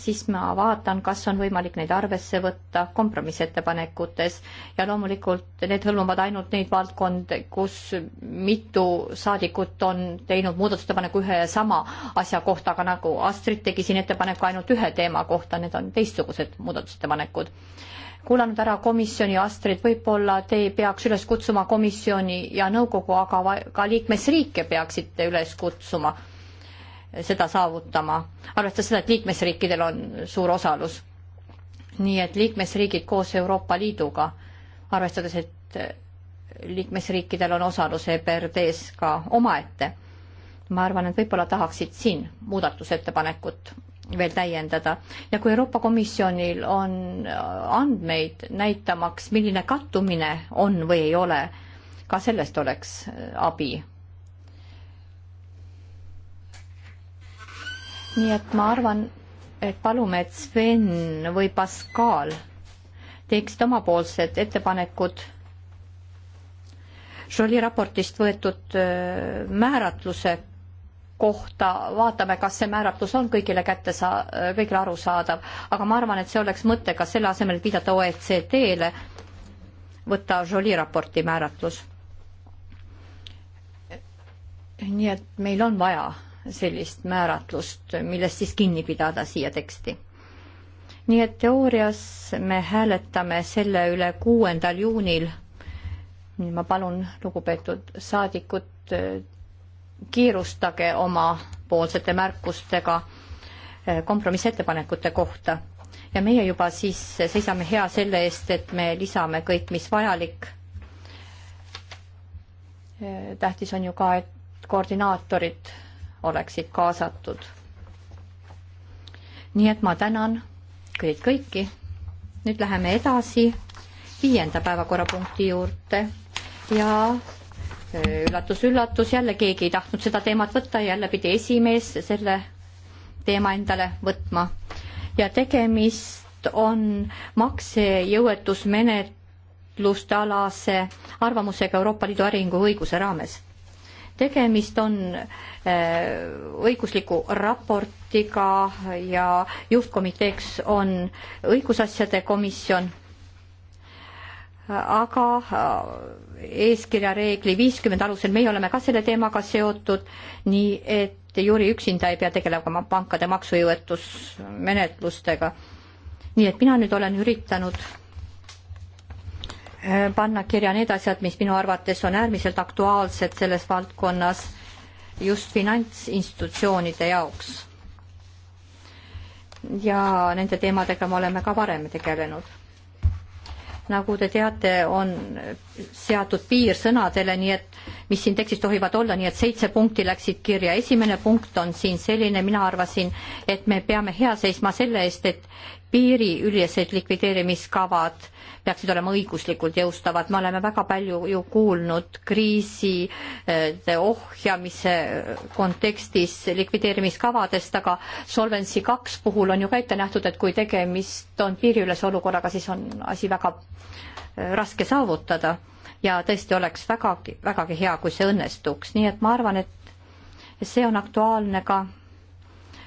siis ma vaatan, kas on võimalik neid arvesse võtta kompromissettepanekutes ja loomulikult need hõlmavad ainult neid valdkondi, kus mitu saadikut on teinud muudatusettepaneku ühe ja sama asja kohta, aga nagu Astrid tegi siin ettepaneku ainult ühe teema kohta, need on teistsugused muudatusettepanekud kuulanud ära komisjoni Astrid, võib-olla te ei peaks üles kutsuma komisjoni ja nõukogu, aga ka liikmesriike peaksite üles kutsuma seda saavutama, arvestades seda, et liikmesriikidel on suur osalus. nii et liikmesriigid koos Euroopa Liiduga, arvestades, et liikmesriikidel on osalus EBRD-s ka omaette, ma arvan, et võib-olla tahaksid siin muudatusettepanekut veel täiendada ja kui Euroopa Komisjonil on andmeid näitamaks, milline kattumine on või ei ole, ka sellest oleks abi nii et ma arvan, et palume, et Sven või Pascal teeksid omapoolsed ettepanekud Joli raportist võetud määratluse kohta, vaatame, kas see määratlus on kõigile kätte saa-, kõigile arusaadav, aga ma arvan, et see oleks mõttekas selle asemel, et viidata OECD-le, võtta Joli raporti määratlus. nii et meil on vaja sellist määratlust, millest siis kinni pidada siia teksti. nii et teoorias me hääletame selle üle kuuendal juunil. ma palun, lugupeetud saadikud, kiirustage omapoolsete märkustega eh, kompromissettepanekute kohta ja meie juba siis seisame hea selle eest, et me lisame kõik, mis vajalik. Eh, tähtis on ju ka, et koordinaatorid oleksid kaasatud. nii et ma tänan teid kõiki. nüüd läheme edasi viienda päevakorrapunkti juurde ja e, üllatus-üllatus, jälle keegi ei tahtnud seda teemat võtta, jälle pidi esimees selle teema endale võtma. ja tegemist on maksejõuetusmenetluste alase arvamusega Euroopa Liidu äriühingu õiguse raames tegemist on äh, õigusliku raportiga ja juhtkomiteeks on õigusasjade komisjon. aga äh, eeskirja reegli viiskümmend alusel meie oleme ka selle teemaga seotud, nii et Jüri üksinda ei pea tegelema pankade maksujõuetusmenetlustega. nii et mina nüüd olen üritanud Äh, panna kirja need asjad, mis minu arvates on äärmiselt aktuaalsed selles valdkonnas just finantsinstitutsioonide jaoks. ja nende teemadega me oleme ka varem tegelenud. nagu te teate, on seatud piir sõnadele, nii et mis siin tekstis tohivad olla, nii et seitse punkti läksid kirja. esimene punkt on siin selline, mina arvasin, et me peame hea seisma selle eest, et piiriülised likvideerimiskavad peaksid olema õiguslikult jõustavad, me oleme väga palju ju kuulnud kriiside eh, ohjamise kontekstis likvideerimiskavadest, aga Solvency kaks puhul on ju ka ette nähtud, et kui tegemist on piiriülese olukorraga, siis on asi väga eh, raske saavutada ja tõesti oleks vägagi, vägagi hea, kui see õnnestuks, nii et ma arvan, et see on aktuaalne ka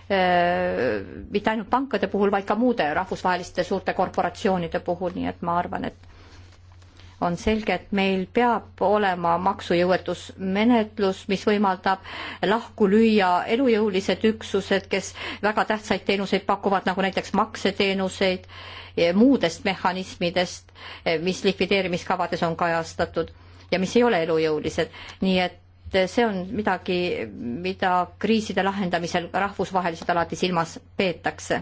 Äh, mitte ainult pankade puhul, vaid ka muude rahvusvaheliste suurte korporatsioonide puhul, nii et ma arvan, et on selge, et meil peab olema maksujõuetusmenetlus, mis võimaldab lahku lüüa elujõulised üksused, kes väga tähtsaid teenuseid pakuvad, nagu näiteks makseteenuseid, muudest mehhanismidest, mis likvideerimiskavades on kajastatud ja mis ei ole elujõulised. nii et et see on midagi, mida kriiside lahendamisel rahvusvaheliselt alati silmas peetakse.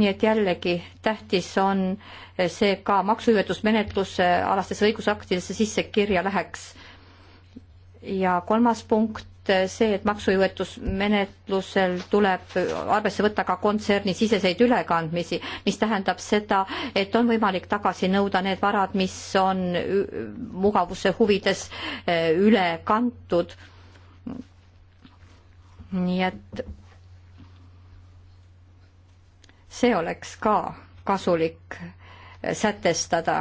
nii et jällegi tähtis on see ka maksujõuetusmenetluse alastesse õigusaktidesse sisse kirja läheks. ja kolmas punkt, see, et maksujõuetusmenetlusel tuleb arvesse võtta ka kontsernisiseseid ülekandmisi, mis tähendab seda, et on võimalik tagasi nõuda need varad, mis on mugavuse huvides e, üle kantud. nii et see oleks ka kasulik sätestada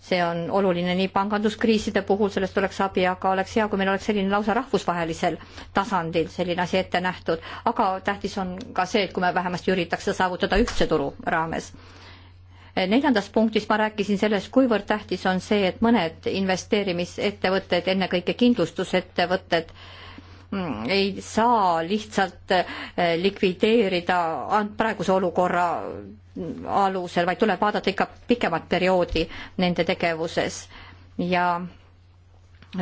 see on oluline nii panganduskriiside puhul, sellest oleks abi, aga oleks hea, kui meil oleks selline lausa rahvusvahelisel tasandil selline asi ette nähtud. aga tähtis on ka see, et kui me vähemasti üritaks seda saavutada ühtse turu raames. neljandas punktis ma rääkisin sellest, kuivõrd tähtis on see, et mõned investeerimisettevõtted, ennekõike kindlustusettevõtted, mm, ei saa lihtsalt eh, likvideerida praeguse olukorra alusel, vaid tuleb vaadata ikka pikemat perioodi nende tegevuses ja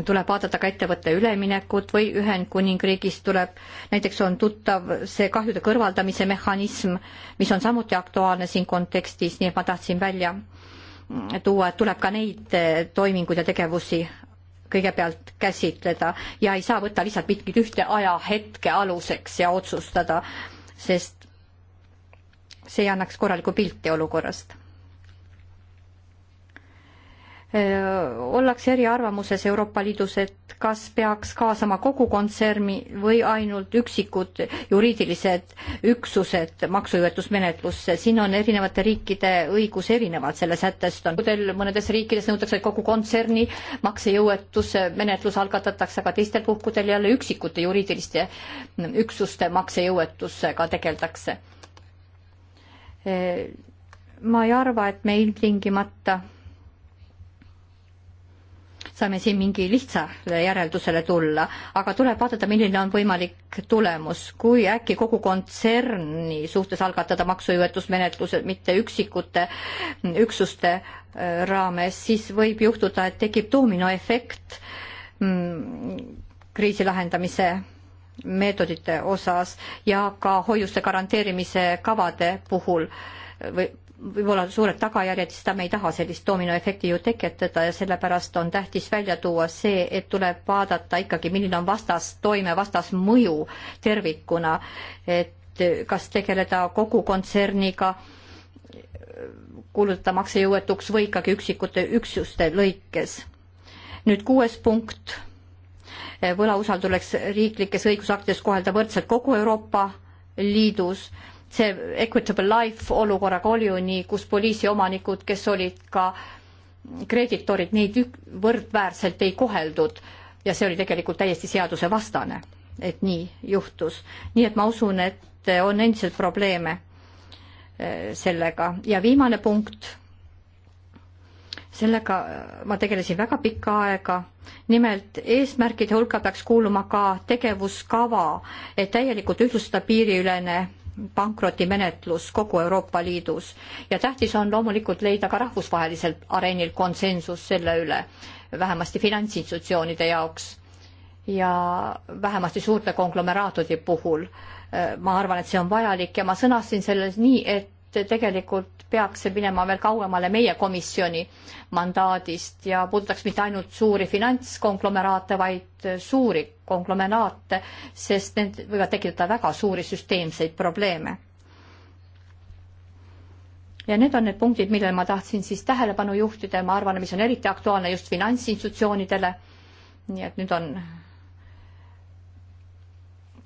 tuleb vaadata ka ettevõtte üleminekut või Ühendkuningriigis tuleb, näiteks on tuttav see kahjude kõrvaldamise mehhanism, mis on samuti aktuaalne siin kontekstis, nii et ma tahtsin välja tuua, et tuleb ka neid eh, toiminguid ja tegevusi kõigepealt käsitleda ja ei saa võtta lihtsalt mingit ühte ajahetke aluseks ja otsustada, sest see annaks korraliku pilti olukorrast. ollakse eriarvamuses Euroopa Liidus, et kas peaks kaasama kogu kontserni või ainult üksikud juriidilised üksused maksujõuetusmenetlusse, siin on erinevate riikide õigus erinevad selle sätest on. mõnedes riikides nõutakse, et kogu kontserni maksejõuetusmenetlus algatatakse, aga teistel puhkudel jälle üksikute juriidiliste üksuste maksejõuetusega tegeldakse ma ei arva, et me ilmtingimata saame siin mingi lihtsale järeldusele tulla, aga tuleb vaadata, milline on võimalik tulemus, kui äkki kogu kontserni suhtes algatada maksujõuetusmenetlused, mitte üksikute üksuste äh, raames, siis võib juhtuda, et tekib dominoefekt mm, kriisi lahendamise meetodite osas ja ka hoiuste garanteerimise kavade puhul või võib-olla suured tagajärjed, seda me ei taha sellist dominoefekti ju tekitada ja sellepärast on tähtis välja tuua see, et tuleb vaadata ikkagi, milline on vastastoime, vastasmõju tervikuna, et kas tegeleda kogu kontserniga, kuulutada maksejõuetuks või ikkagi üksikute üksuste lõikes. nüüd kuues punkt võlausal tuleks riiklikes õigusaktides kohelda võrdselt kogu Euroopa Liidus. see Equitable Life olukorraga oli ju nii, kus poliisiomanikud, kes olid ka kreeditorid, neid võrdväärselt ei koheldud ja see oli tegelikult täiesti seadusevastane, et nii juhtus. nii et ma usun, et on endiselt probleeme eh, sellega ja viimane punkt sellega äh, ma tegelesin väga pikka aega. nimelt eesmärkide hulka peaks kuuluma ka tegevuskava, et täielikult ühtlustada piiriülene pankrotimenetlus kogu Euroopa Liidus ja tähtis on loomulikult leida ka rahvusvahelisel areenil konsensus selle üle, vähemasti finantsinstitutsioonide jaoks ja vähemasti suurte konglomeraatide puhul. Äh, ma arvan, et see on vajalik ja ma sõnastasin selle nii, et tegelikult peaks see minema veel kauemale meie komisjoni mandaadist ja puudutaks mitte ainult suuri finantskonglomeraate, vaid suuri konglomeraate, sest need võivad tekitada väga suuri süsteemseid probleeme. ja need on need punktid, millele ma tahtsin siis tähelepanu juhtida ja ma arvan, mis on eriti aktuaalne just finantsinstitutsioonidele. nii et nüüd on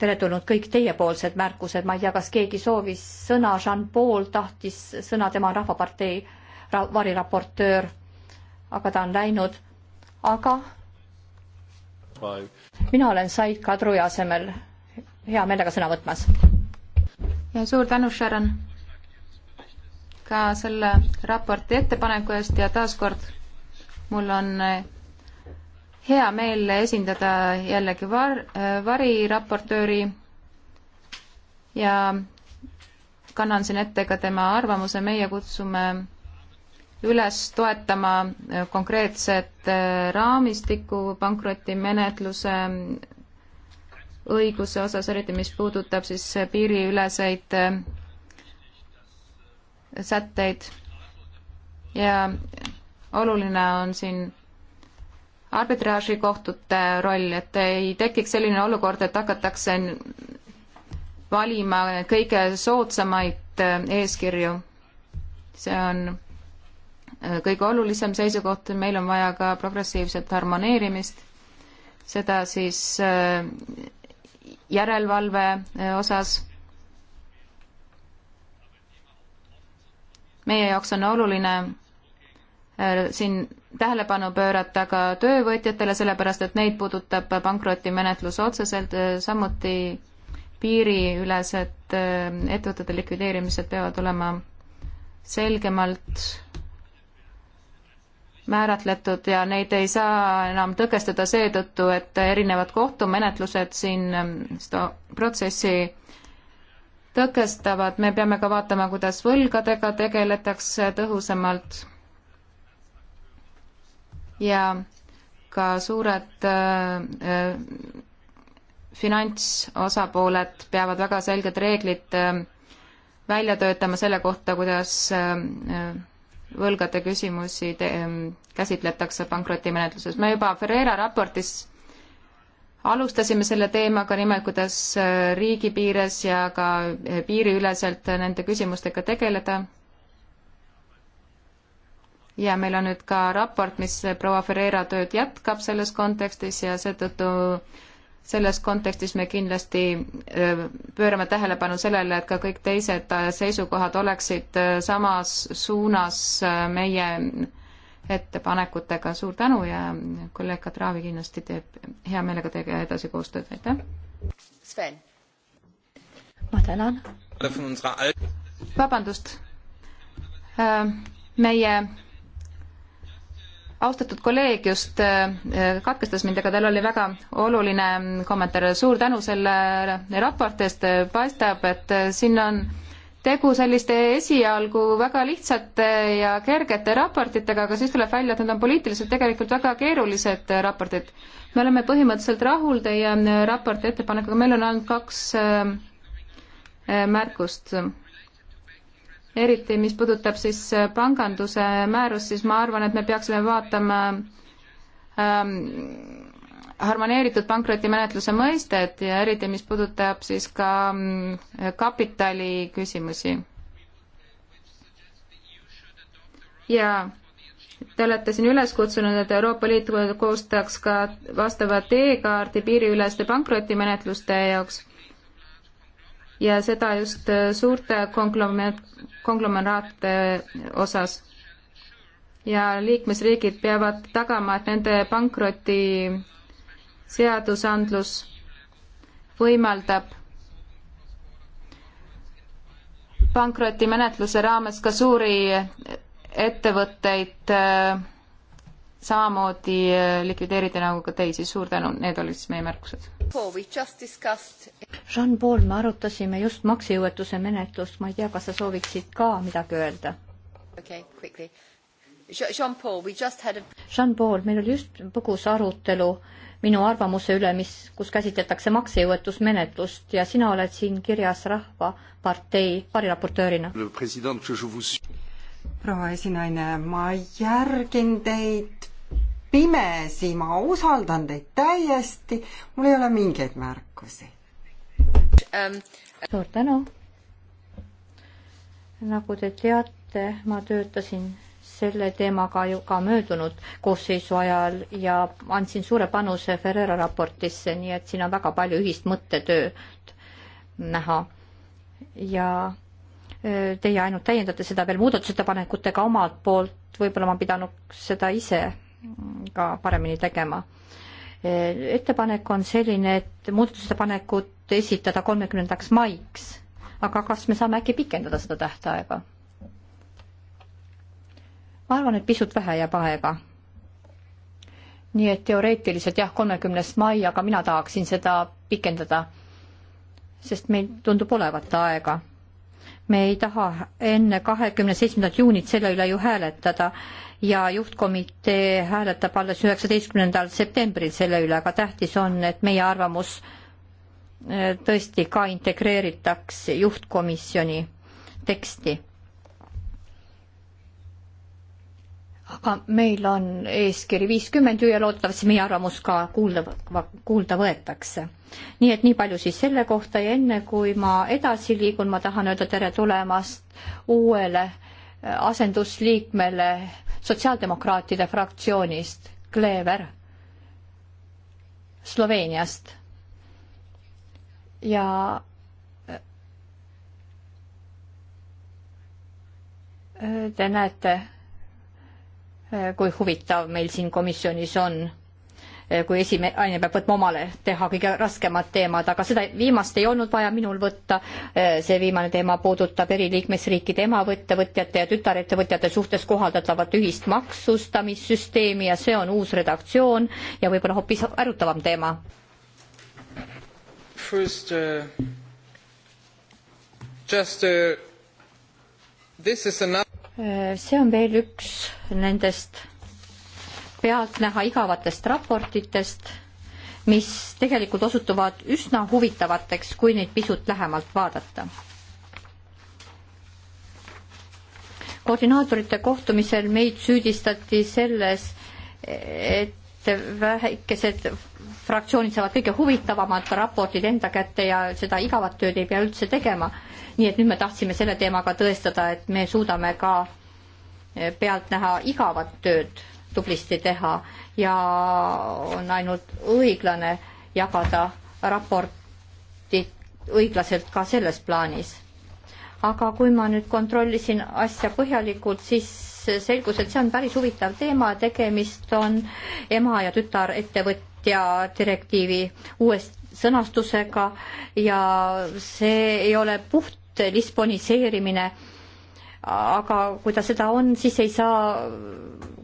teretulnud kõik teiepoolsed märkused, ma ei tea, kas keegi soovis sõna, Jean-Paul tahtis sõna, tema on Rahvapartei ra variraportöör, aga ta on läinud, aga mina olen Said Kadri asemel hea meelega sõna võtmas. ja suur tänu, Sharon, ka selle raporti ettepaneku eest ja taaskord mul on hea meel esindada jällegi var-, variraportööri ja kannan siin ette ka tema arvamuse, meie kutsume üles toetama konkreetset äh, raamistikku pankrotimenetluse õiguse osas, eriti mis puudutab siis piiriüleseid äh, sätteid. ja oluline on siin arbitraažikohtute roll, et ei tekiks selline olukord, et hakatakse valima kõige soodsamaid äh, eeskirju. see on äh, kõige olulisem seisukoht, meil on vaja ka progressiivset harmoneerimist, seda siis äh, järelevalve osas meie jaoks on oluline Äh, siin tähelepanu pöörata ka töövõtjatele, sellepärast et neid puudutab pankrotimenetlus otseselt, äh, samuti piiriülesed äh, ettevõtete likvideerimised peavad olema selgemalt määratletud ja neid ei saa enam tõkestada seetõttu, et erinevad kohtumenetlused siin ähm, seda protsessi tõkestavad, me peame ka vaatama, kuidas võlgadega tegeletakse tõhusamalt ja ka suured äh, äh, finantsosapooled peavad väga selged reeglid äh, välja töötama selle kohta, kuidas äh, äh võlgade küsimusi ähm, käsitletakse pankrotimenetluses. me juba Ferreira raportis alustasime selle teemaga, nimelt kuidas äh, riigi piires ja ka piiriüleselt nende küsimustega tegeleda ja meil on nüüd ka raport, mis proua Ferreira tööd jätkab selles kontekstis ja seetõttu selles kontekstis me kindlasti pöörame tähelepanu sellele, et ka kõik teised äh, seisukohad oleksid äh, samas suunas äh, meie ettepanekutega. suur tänu ja kolleeg Kadraavi kindlasti teeb hea meelega teiega edasi koostööd, aitäh! Sven. ma tänan. vabandust. meie austatud kolleeg just äh, katkestas mind, aga tal oli väga oluline kommentaar. suur tänu selle raporti eest, paistab, et äh, siin on tegu selliste esialgu väga lihtsate ja kergete raportitega, aga siis tuleb välja, et need on poliitiliselt tegelikult väga keerulised raportid. me oleme põhimõtteliselt rahul teie äh, raporti ettepanekuga, meil on ainult kaks märkust eriti mis puudutab siis äh, panganduse määrust, siis ma arvan, et me peaksime vaatama ähm, harmoneeritud pankrotimenetluse mõistet ja eriti, mis puudutab siis ka mm, kapitali küsimusi. ja te olete siin üles kutsunud, et Euroopa Liit koostaks ka vastava teekaardi piiriüleste pankrotimenetluste jaoks ja seda just äh, suurte konglomeraate äh, osas. ja liikmesriigid peavad tagama, et nende pankroti seadusandlus võimaldab pankrotimenetluse raames ka suuri ettevõtteid äh, samamoodi äh, likvideerida nagu ka teisi. suur tänu, need olid siis meie märkused. Jean-Paul, me arutasime just maksejõuetuse menetlust, ma ei tea, kas sa sooviksid ka midagi öelda? okei okay,, quickly. Jean-Paul, we just had a Jean-Paul, meil oli just põgus arutelu minu arvamuse üle, mis, kus käsitletakse maksejõuetusmenetlust ja sina oled siin kirjas Rahvapartei variraportöörina proua esinaine, ma järgin teid pimesi, ma usaldan teid täiesti, mul ei ole mingeid märkusi um,. suur tänu. nagu te teate, ma töötasin selle teemaga ju ka möödunud koosseisu ajal ja andsin suure panuse Ferrero raportisse, nii et siin on väga palju ühist mõttetööd näha. ja äh, teie ainult täiendate seda veel muudatusettepanekutega omalt poolt, võib-olla ma pidanuks seda ise ka paremini tegema. ettepanek on selline, et muudatusettepanekut esitada kolmekümnendaks maiks, aga kas me saame äkki pikendada seda tähtaega? ma arvan, et pisut vähe jääb aega. nii et teoreetiliselt jah, kolmekümnes mai, aga mina tahaksin seda pikendada, sest meil tundub olevat aega me ei taha enne kahekümne seitsmendat juunit selle üle ju hääletada ja juhtkomitee hääletab alles üheksateistkümnendal septembril selle üle, aga tähtis on, et meie arvamus äh, tõesti ka integreeritaks juhtkomisjoni teksti aga meil on eeskiri viiskümmend ja loodetavasti meie arvamus ka kuulda, kuulda võetakse. nii et nii palju siis selle kohta ja enne kui ma edasi liigun, ma tahan öelda tere tulemast uuele äh, asendusliikmele sotsiaaldemokraatide fraktsioonist, Kleever Sloveeniast. ja äh, te näete Äh, kui huvitav meil siin komisjonis on, äh, kui esimehe peab võtma omale teha kõige raskemad teemad, aga seda viimast ei olnud vaja minul võtta. Äh, see viimane teema puudutab eri liikmesriikide emavõttevõtjate ja tütarettevõtjate suhtes kohaldatavat ühist maksustamissüsteemi ja see on uus redaktsioon ja võib-olla hoopis ärutavam teema. First uh, just uh, this is an Äh, see on veel üks nendest pealtnäha igavatest raportitest, mis tegelikult osutuvad üsna huvitavateks, kui neid pisut lähemalt vaadata. koordinaatorite kohtumisel meid süüdistati selles, et väikesed fraktsioonid saavad kõige huvitavamad raportid enda kätte ja seda igavat tööd ei pea üldse tegema. nii et nüüd me tahtsime selle teemaga tõestada, et me suudame ka eh, pealtnäha igavat tööd tublisti teha ja on ainult õiglane jagada raportit õiglaselt ka selles plaanis. aga kui ma nüüd kontrollisin asja põhjalikult, siis selgus, et see on päris huvitav teema, tegemist on ema ja tütar ettevõtja direktiivi uues sõnastusega ja see ei ole puht lisboniseerimine, aga kui ta seda on, siis ei saa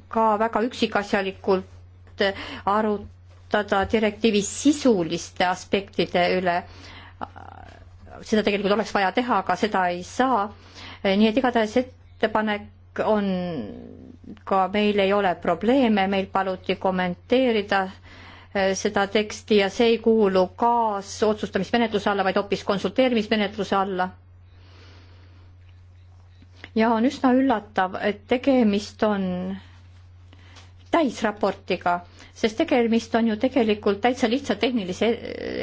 ka väga üksikasjalikult arutada direktiivi sisuliste aspektide üle seda tegelikult oleks vaja teha, aga seda ei saa. nii et igatahes ettepanek on ka meil ei ole probleeme, meil paluti kommenteerida eh, seda teksti ja see ei kuulu kaasotsustamismenetluse alla, vaid hoopis konsulteerimismenetluse alla. ja on üsna üllatav, et tegemist on täisraportiga, sest tegemist on ju tegelikult täitsa lihtsa tehnilise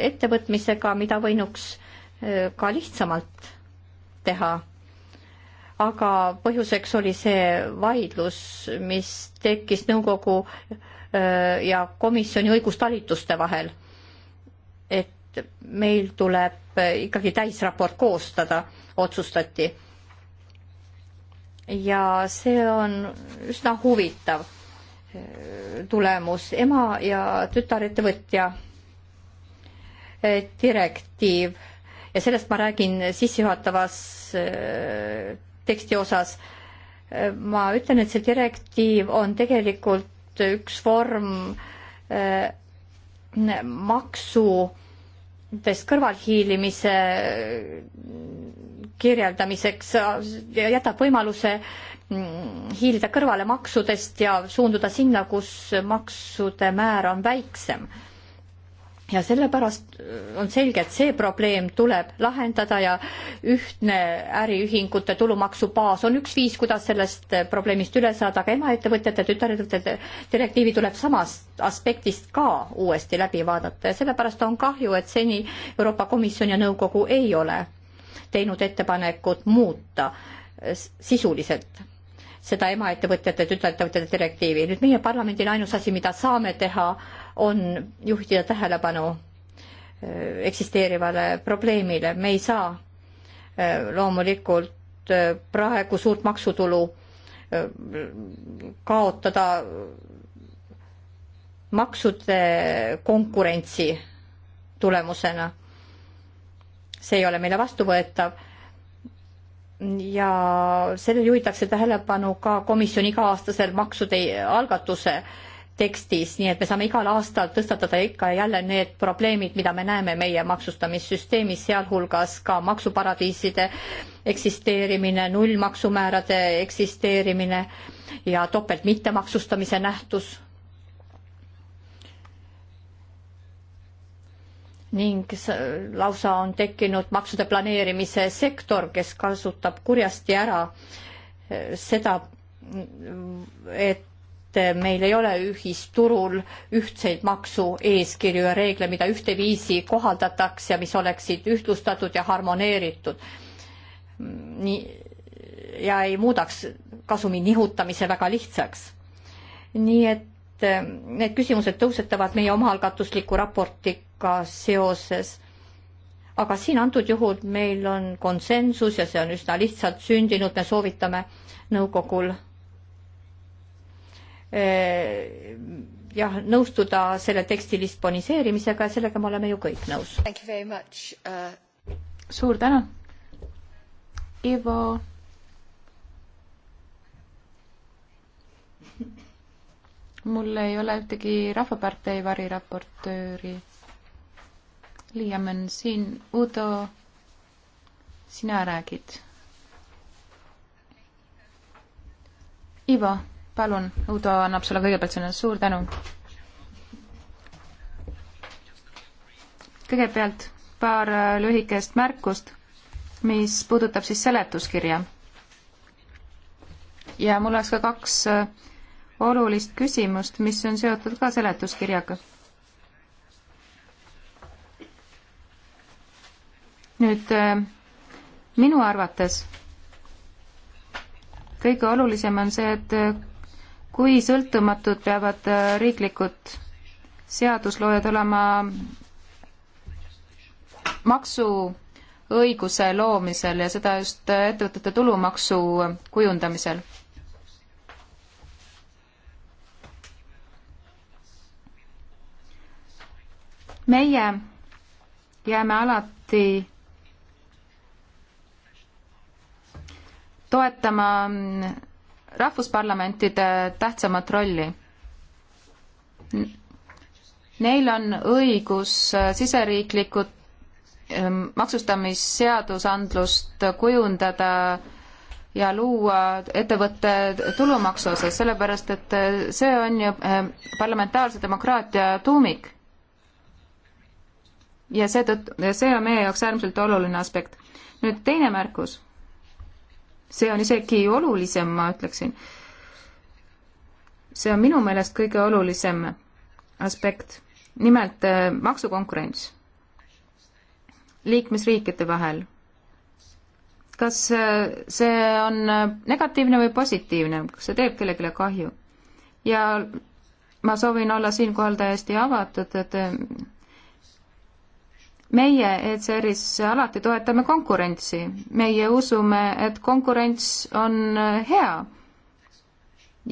ettevõtmisega, mida võinuks eh, ka lihtsamalt teha aga põhjuseks oli see vaidlus, mis tekkis nõukogu ja komisjoni õigustalituste vahel. et meil tuleb ikkagi täisraport koostada, otsustati. ja see on üsna huvitav tulemus, ema ja tütarettevõtja direktiiv ja sellest ma räägin sissejuhatavas teksti osas. ma ütlen, et see direktiiv on tegelikult üks vorm äh, maksudest kõrvalhiilimise äh, kirjeldamiseks ja jätab võimaluse mm, hiilida kõrvale maksudest ja suunduda sinna, kus maksude määr on väiksem ja sellepärast äh, on selge, et see probleem tuleb lahendada ja ühtne äriühingute tulumaksubaas on üks viis, kuidas sellest äh, probleemist üle saada, aga emaettevõtjate, tütarettevõtjate direktiivi tuleb samast aspektist ka uuesti läbi vaadata ja sellepärast on kahju, et seni Euroopa Komisjon ja nõukogu ei ole teinud ettepanekut muuta äh, sisuliselt seda emaettevõtjate, tütarettevõtjate direktiivi. nüüd meie parlamendil ainus asi, mida saame teha, on juhtida tähelepanu äh, eksisteerivale probleemile. me ei saa äh, loomulikult äh, praegu suurt maksutulu kaotada maksude konkurentsi tulemusena. see ei ole meile vastuvõetav. ja sellele juhitakse tähelepanu ka komisjoni iga-aastasel maksude algatuse äh, tekstis, nii et me saame igal aastal tõstatada ikka ja jälle need probleemid, mida me näeme meie maksustamissüsteemis, sealhulgas ka maksuparadiiside eksisteerimine, nullmaksumäärade eksisteerimine ja topelt mittemaksustamise nähtus. ning lausa on tekkinud maksude planeerimise sektor, kes kasutab kurjasti ära eh, seda, et et meil ei ole ühisturul ühtseid maksueeskirju ja reegleid, mida ühteviisi kohaldataks ja mis oleksid ühtlustatud ja harmoneeritud. nii ja ei muudaks kasumi nihutamise väga lihtsaks. nii et eh, need küsimused tõusetavad meie omaalgatusliku raportiga seoses aga siin antud juhul meil on konsensus ja see on üsna lihtsalt sündinud, me soovitame nõukogul Eh, jah, nõustuda selle teksti lisboniseerimisega ja sellega me oleme ju kõik nõus. Uh... suur tänu. Ivo. mul ei ole ühtegi Rahvapartei variraportööri. Liam on siin, Udo, sina räägid. Ivo palun, Udo annab sulle kõigepealt sõna, suur tänu. kõigepealt paar äh, lühikest märkust, mis puudutab siis seletuskirja. ja mul oleks ka kaks äh, olulist küsimust, mis on seotud ka seletuskirjaga. nüüd äh, minu arvates kõige olulisem on see, et kui sõltumatud peavad äh, riiklikud seadusloojad olema maksuõiguse loomisel ja seda just äh, ettevõtete tulumaksu kujundamisel. meie jääme alati toetama mm, rahvusparlamentide tähtsamat rolli. Neil on õigus siseriiklikud ähm, maksustamisseadusandlust kujundada ja luua ettevõtte tulumaksu osas, sellepärast et see on ju ähm, parlamentaarse demokraatia tuumik. ja seetõttu, see on meie jaoks äärmiselt oluline aspekt. nüüd teine märkus see on isegi olulisem, ma ütleksin. see on minu meelest kõige olulisem aspekt, nimelt äh, maksukonkurents liikmesriikide vahel. kas äh, see on äh, negatiivne või positiivne, kas see teeb kellelegi kahju? ja ma soovin olla siinkohal täiesti avatud, et meie ECR-is alati toetame konkurentsi, meie usume, et konkurents on äh, hea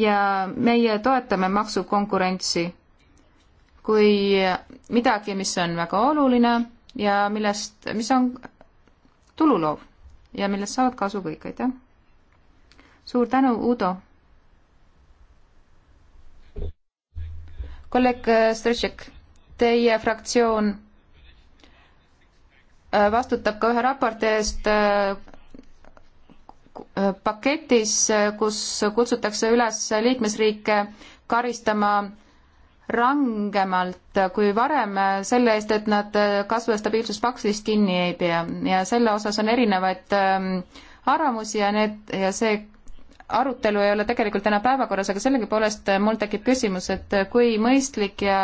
ja meie toetame maksukonkurentsi kui midagi, mis on väga oluline ja millest, mis on tululoov ja millest saavad kasu kõik, aitäh! suur tänu, Udo! kolleeg äh, Strešek, teie fraktsioon Äh, vastutab ka ühe raporti eest äh, äh, paketis, kus kutsutakse üles liikmesriike karistama rangemalt kui varem selle eest, et nad kasvu- ja stabiilsuspaktist kinni ei pea ja selle osas on erinevaid ähm, arvamusi ja need ja see arutelu ei ole tegelikult täna päevakorras, aga sellegipoolest mul tekib küsimus, et kui mõistlik ja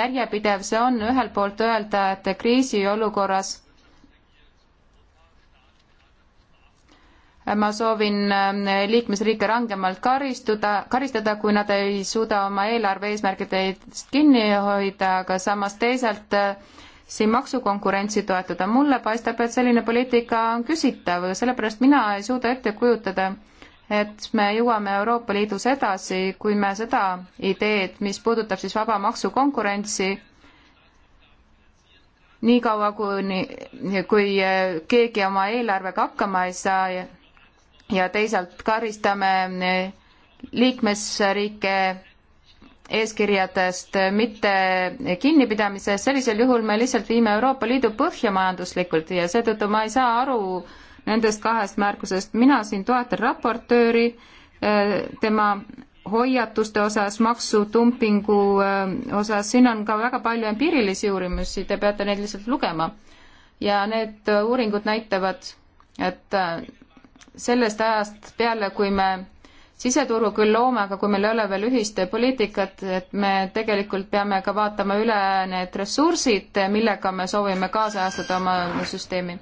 järjepidev see on ühelt poolt öelda, et kriisiolukorras ma soovin äh, liikmesriike rangemalt karistuda, karistada, kui nad ei suuda oma eelarve eesmärgidest kinni hoida, aga samas teisalt äh, siin maksukonkurentsi toetada. mulle paistab, et selline poliitika on küsitav, sellepärast mina ei suuda ette kujutada, et me jõuame Euroopa Liidus edasi, kui me seda ideed, mis puudutab siis vaba maksukonkurentsi, niikaua kuni, kui äh, keegi oma eelarvega hakkama ei saa ja teisalt karistame eh, liikmesriike eeskirjadest mitte kinnipidamise, sellisel juhul me lihtsalt viime Euroopa Liidu põhja majanduslikult ja seetõttu ma ei saa aru nendest kahest märkusest. mina siin toetan raportööri, eh, tema hoiatuste osas, maksutumpingu eh, osas, siin on ka väga palju empiirilisi uurimusi, te peate neid lihtsalt lugema. ja need uuringud näitavad, et sellest ajast peale, kui me siseturu küll loome, aga kui meil ei ole veel ühist poliitikat, et me tegelikult peame ka vaatama üle need ressursid, millega me soovime kaasajastada oma süsteemi.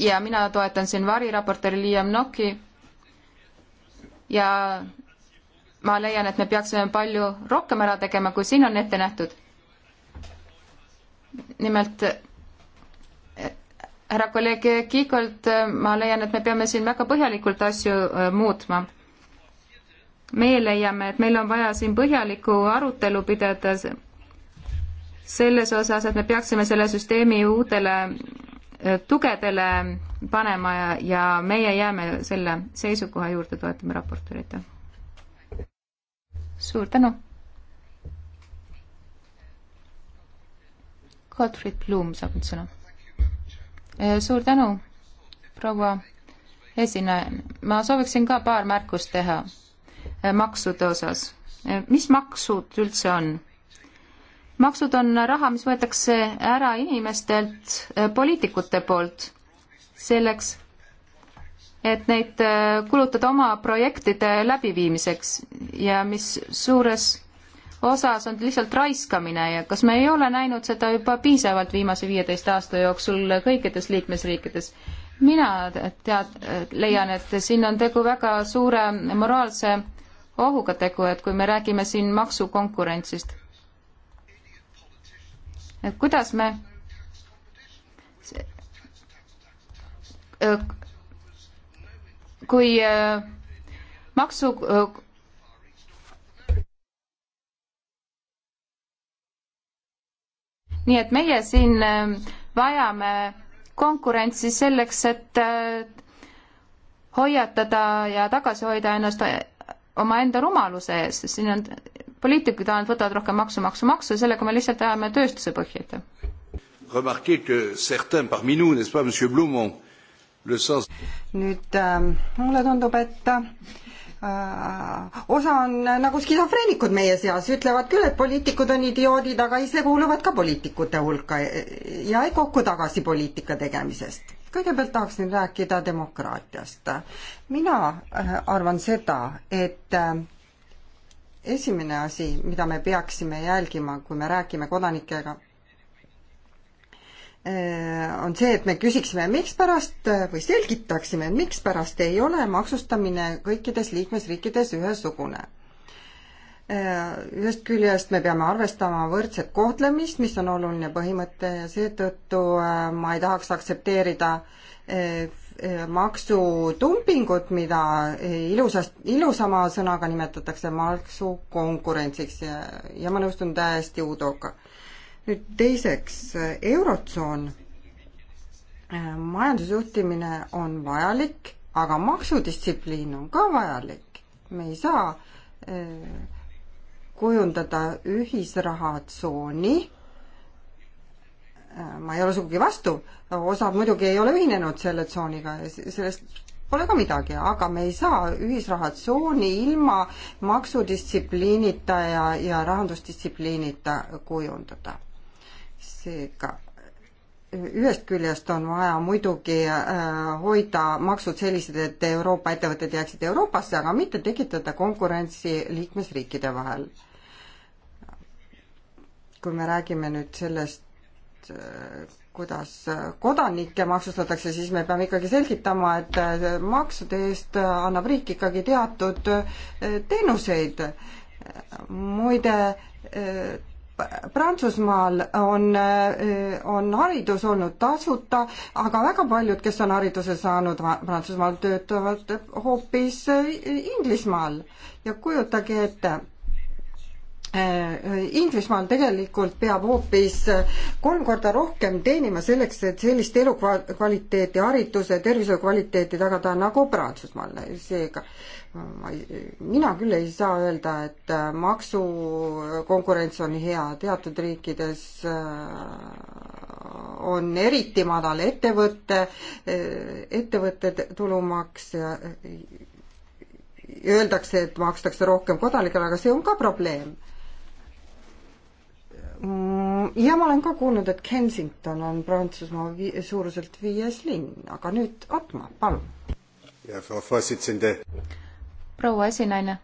ja mina toetan siin variraportööri Liam Noki ja ma leian, et me peaksime palju rohkem ära tegema, kui siin on ette nähtud. nimelt härra kolleeg Kiigolt ma leian, et me peame siin väga põhjalikult asju äh, muutma. meie leiame, et meil on vaja siin põhjalikku arutelu pidada selles osas, et me peaksime selle süsteemi uutele äh, tugedele panema ja, ja meie jääme selle seisukoha juurde, toetame raportöörit. suur tänu. Gottfried Blum saab nüüd sõna Eh, suur tänu, proua esinaine. ma sooviksin ka paar märkust teha eh, maksude osas. Eh, mis maksud üldse on? maksud on raha, mis võetakse ära inimestelt poliitikute poolt selleks, et neid kulutada oma projektide läbiviimiseks ja mis suures osas on lihtsalt raiskamine ja kas me ei ole näinud seda juba piisavalt viimase viieteist aasta jooksul kõikides liikmesriikides? mina tead, leian, et siin on tegu väga suure moraalse ohuga tegu, et kui me räägime siin maksukonkurentsist. et kuidas me kui äh, maksu nii et meie siin ähm, vajame konkurentsi selleks, et äh, hoiatada ja tagasi hoida ennast äh, omaenda rumaluse ees, siin on poliitikud ainult võtavad rohkem maksu, maksu, maksu, sellega me lihtsalt ajame tööstuse põhja. Remarquez que certains parmi nous, n'est-ce pas, monsieur Blumont, le sens nüüd äh, mulle tundub, et Äh, osa on äh, nagu skisofreenikud meie seas, ütlevad küll, et poliitikud on idioodid, aga ise kuuluvad ka poliitikute hulka ja ei kokku tagasi poliitika tegemisest. kõigepealt tahaksin rääkida demokraatiast. mina äh, arvan seda, et esimene asi, mida me peaksime jälgima, kui me räägime kodanikega Äh, on see, et me küsiksime, mikspärast äh, või selgitaksime, et mikspärast ei ole maksustamine kõikides liikmesriikides ühesugune. Äh, ühest küljest me peame arvestama võrdset kohtlemist, mis on oluline põhimõte ja seetõttu ma ei tahaks aktsepteerida maksutumpingut, mida ilusast, ilusama sõnaga nimetatakse maksukonkurentsiks ja, ja ma nõustun täiesti Udoga nüüd teiseks, Eurotsoon, äh, majandusjuhtimine on vajalik, aga maksudistsipliin on ka vajalik. me ei saa äh, kujundada ühisrahatsooni, äh, ma ei ole sugugi vastu, osa muidugi ei ole ühinenud selle tsooniga ja sellest pole ka midagi, aga me ei saa ühisrahatsooni ilma maksudistsipliinita ja, ja rahandusdistsipliinita kujundada seega ühest küljest on vaja muidugi äh, hoida maksud sellised, et Euroopa ettevõtted jääksid Euroopasse, aga mitte tekitada konkurentsi liikmesriikide vahel. kui me räägime nüüd sellest, äh, kuidas kodanikke maksustatakse, siis me peame ikkagi selgitama, et äh, maksude eest annab riik ikkagi teatud teenuseid. muide Prantsusmaal on, äh, on haridus olnud tasuta, aga väga paljud, kes on hariduse saanud Prantsusmaal, töötavad hoopis äh, Inglismaal. ja kujutage ette, Äh, Inglismaal tegelikult peab hoopis äh, kolm korda rohkem teenima selleks, et sellist elukvaliteeti, hariduse, tervishoiu kvaliteeti tagada nagu Prantsusmaal. seega ma, mina küll ei saa öelda, et äh, maksukonkurents on hea, teatud riikides on eriti madal ettevõtte, ettevõtte tulumaks ja öeldakse, et makstakse rohkem kodanikele, aga see on ka probleem Mm, ja ma olen ka kuulnud, et Kensington on Prantsusmaa vi suuruselt viies linn, aga nüüd Otmar, palun. proua esinaine,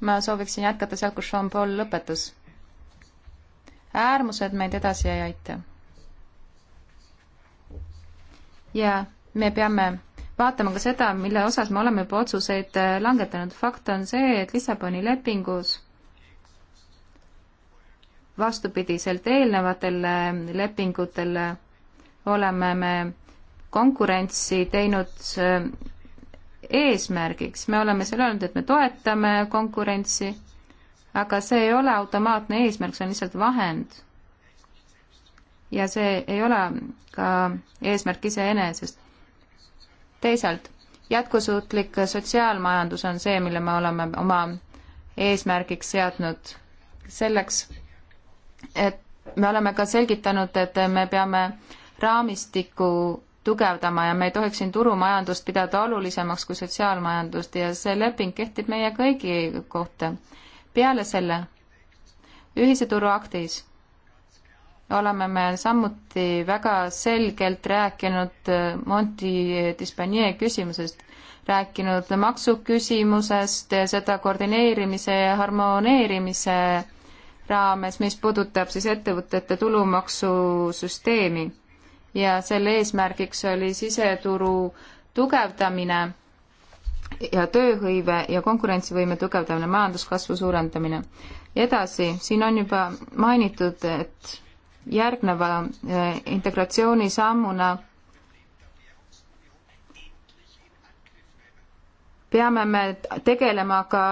ma sooviksin jätkata sealt, kus Jean-Paul lõpetas. äärmused meid edasi ei aita. ja me peame vaatama ka seda, mille osas me oleme juba otsuseid langetanud. fakt on see, et Lissaboni lepingus vastupidiselt eelnevatele lepingutele oleme me konkurentsi teinud äh, eesmärgiks, me oleme seal öelnud, et me toetame konkurentsi, aga see ei ole automaatne eesmärk, see on lihtsalt vahend. ja see ei ole ka eesmärk iseenesest. teisalt, jätkusuutlik sotsiaalmajandus on see, mille me oleme oma eesmärgiks seadnud selleks, et me oleme ka selgitanud, et me peame raamistikku tugevdama ja me ei tohiks siin turumajandust pidada olulisemaks kui sotsiaalmajandust ja see leping kehtib meie kõigi kohta. peale selle ühise turu aktis oleme me samuti väga selgelt rääkinud Monti Dispanier küsimusest, rääkinud maksuküsimusest, seda koordineerimise ja harmoneerimise raames, mis puudutab siis ettevõtete tulumaksusüsteemi ja selle eesmärgiks oli siseturu tugevdamine ja tööhõive ja konkurentsivõime tugevdamine, majanduskasvu suurendamine. edasi, siin on juba mainitud, et järgneva eh, integratsiooni sammuna peame me tegelema ka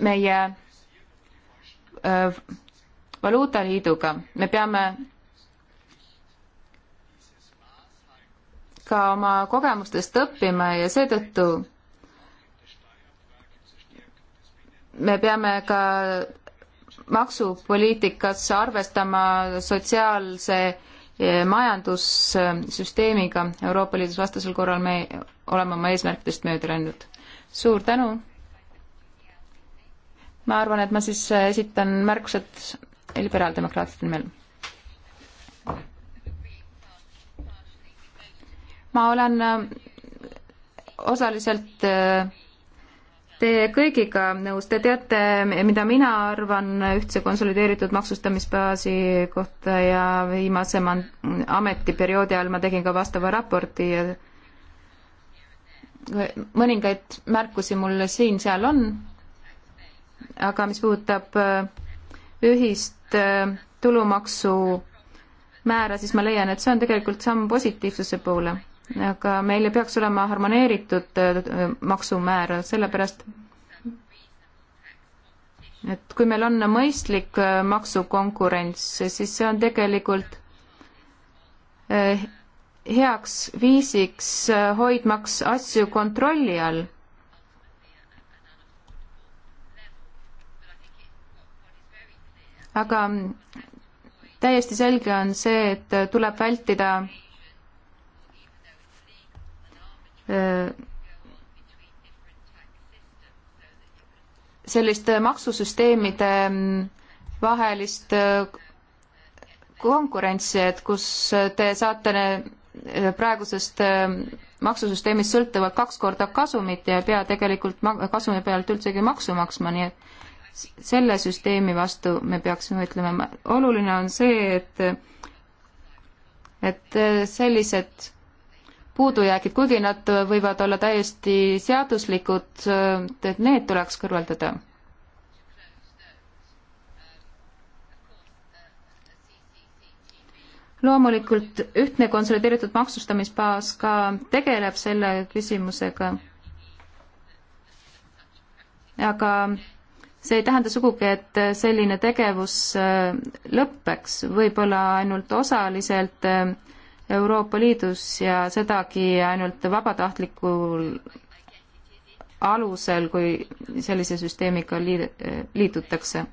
meie Äh, valuutaliiduga, me peame ka oma kogemustest õppima ja seetõttu me peame ka maksupoliitikas arvestama sotsiaalse eh, majandussüsteemiga Euroopa Liidus, vastasel korral me oleme oma eesmärkidest mööda läinud. suur tänu! ma arvan, et ma siis äh, esitan märkused liberaaldemokraatide nimel. ma olen äh, osaliselt äh, teie kõigiga nõus, te teate, mida mina arvan ühtse konsolideeritud maksustamisbaasi kohta ja viimase ametiperioodi ajal ma tegin ka vastava raporti ja mõningaid märkusi mul siin-seal on aga mis puudutab äh, ühist äh, tulumaksu määra, siis ma leian, et see on tegelikult samm positiivsuse poole. aga meil ei peaks olema harmoneeritud äh, maksumäär, sellepärast et kui meil on mõistlik maksukonkurents, siis see on tegelikult heaks viisiks hoidmaks asju kontrolli all aga täiesti selge on see, et tuleb vältida äh, sellist maksusüsteemide mm, vahelist äh, konkurentsi, et kus te saate äh, praegusest maksusüsteemist sõltuvalt kaks korda kasumit ja ei pea tegelikult kasumi pealt üldsegi maksu maksma, nii et selle süsteemi vastu me peaksime ütlema, oluline on see, et, et äh, sellised puudujäägid, kuigi nad võivad olla täiesti seaduslikud, äh, et need tuleks kõrvaldada. loomulikult ühtne konsolideeritud maksustamisbaas ka tegeleb selle küsimusega. aga see ei tähenda sugugi, et äh, selline tegevus äh, lõpeks, võib-olla ainult osaliselt äh, Euroopa Liidus ja sedagi ainult vabatahtlikul alusel, kui sellise süsteemiga liid-, liitutakse.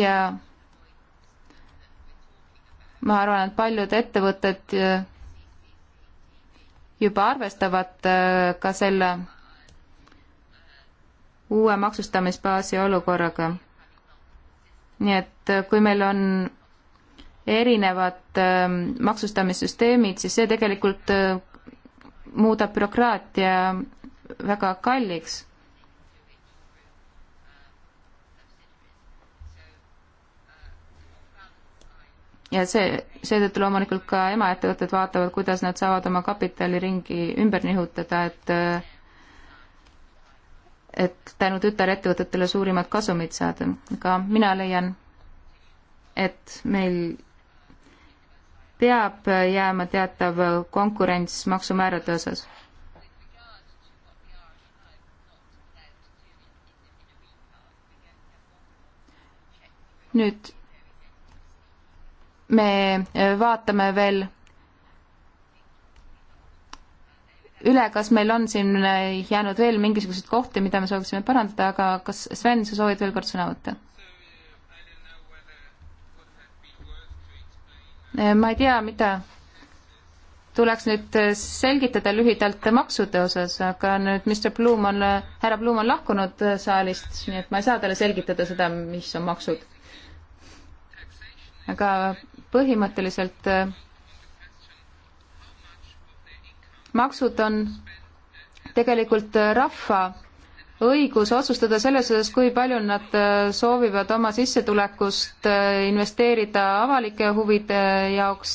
ja ma arvan, et paljud ettevõtted juba arvestavad ka selle uue maksustamisbaasi olukorraga. nii et äh, kui meil on erinevad ähm, maksustamissüsteemid, siis see tegelikult äh, muudab bürokraatia väga kalliks. ja see, seetõttu loomulikult ka emaettevõtted vaatavad, kuidas nad saavad oma kapitali ringi ümber nihutada, et äh, et tänu tütarettevõtetele suurimat kasumit saada. aga mina leian, et meil peab jääma teatav konkurents maksumäärade osas. nüüd me vaatame veel üle, kas meil on siin äh, jäänud veel mingisuguseid kohti, mida me sooviksime parandada, aga kas Sven, sa soovid veel kord sõna võtta? Äh, ma ei tea, mida tuleks nüüd äh, selgitada lühidalt maksude osas, aga nüüd Mr Bloom on, härra Bloom on lahkunud saalist, nii et ma ei saa talle selgitada seda, mis on maksud. aga põhimõtteliselt äh, maksud on tegelikult äh, rahva õigus otsustada selles osas, kui palju nad äh, soovivad oma sissetulekust äh, investeerida avalike huvide jaoks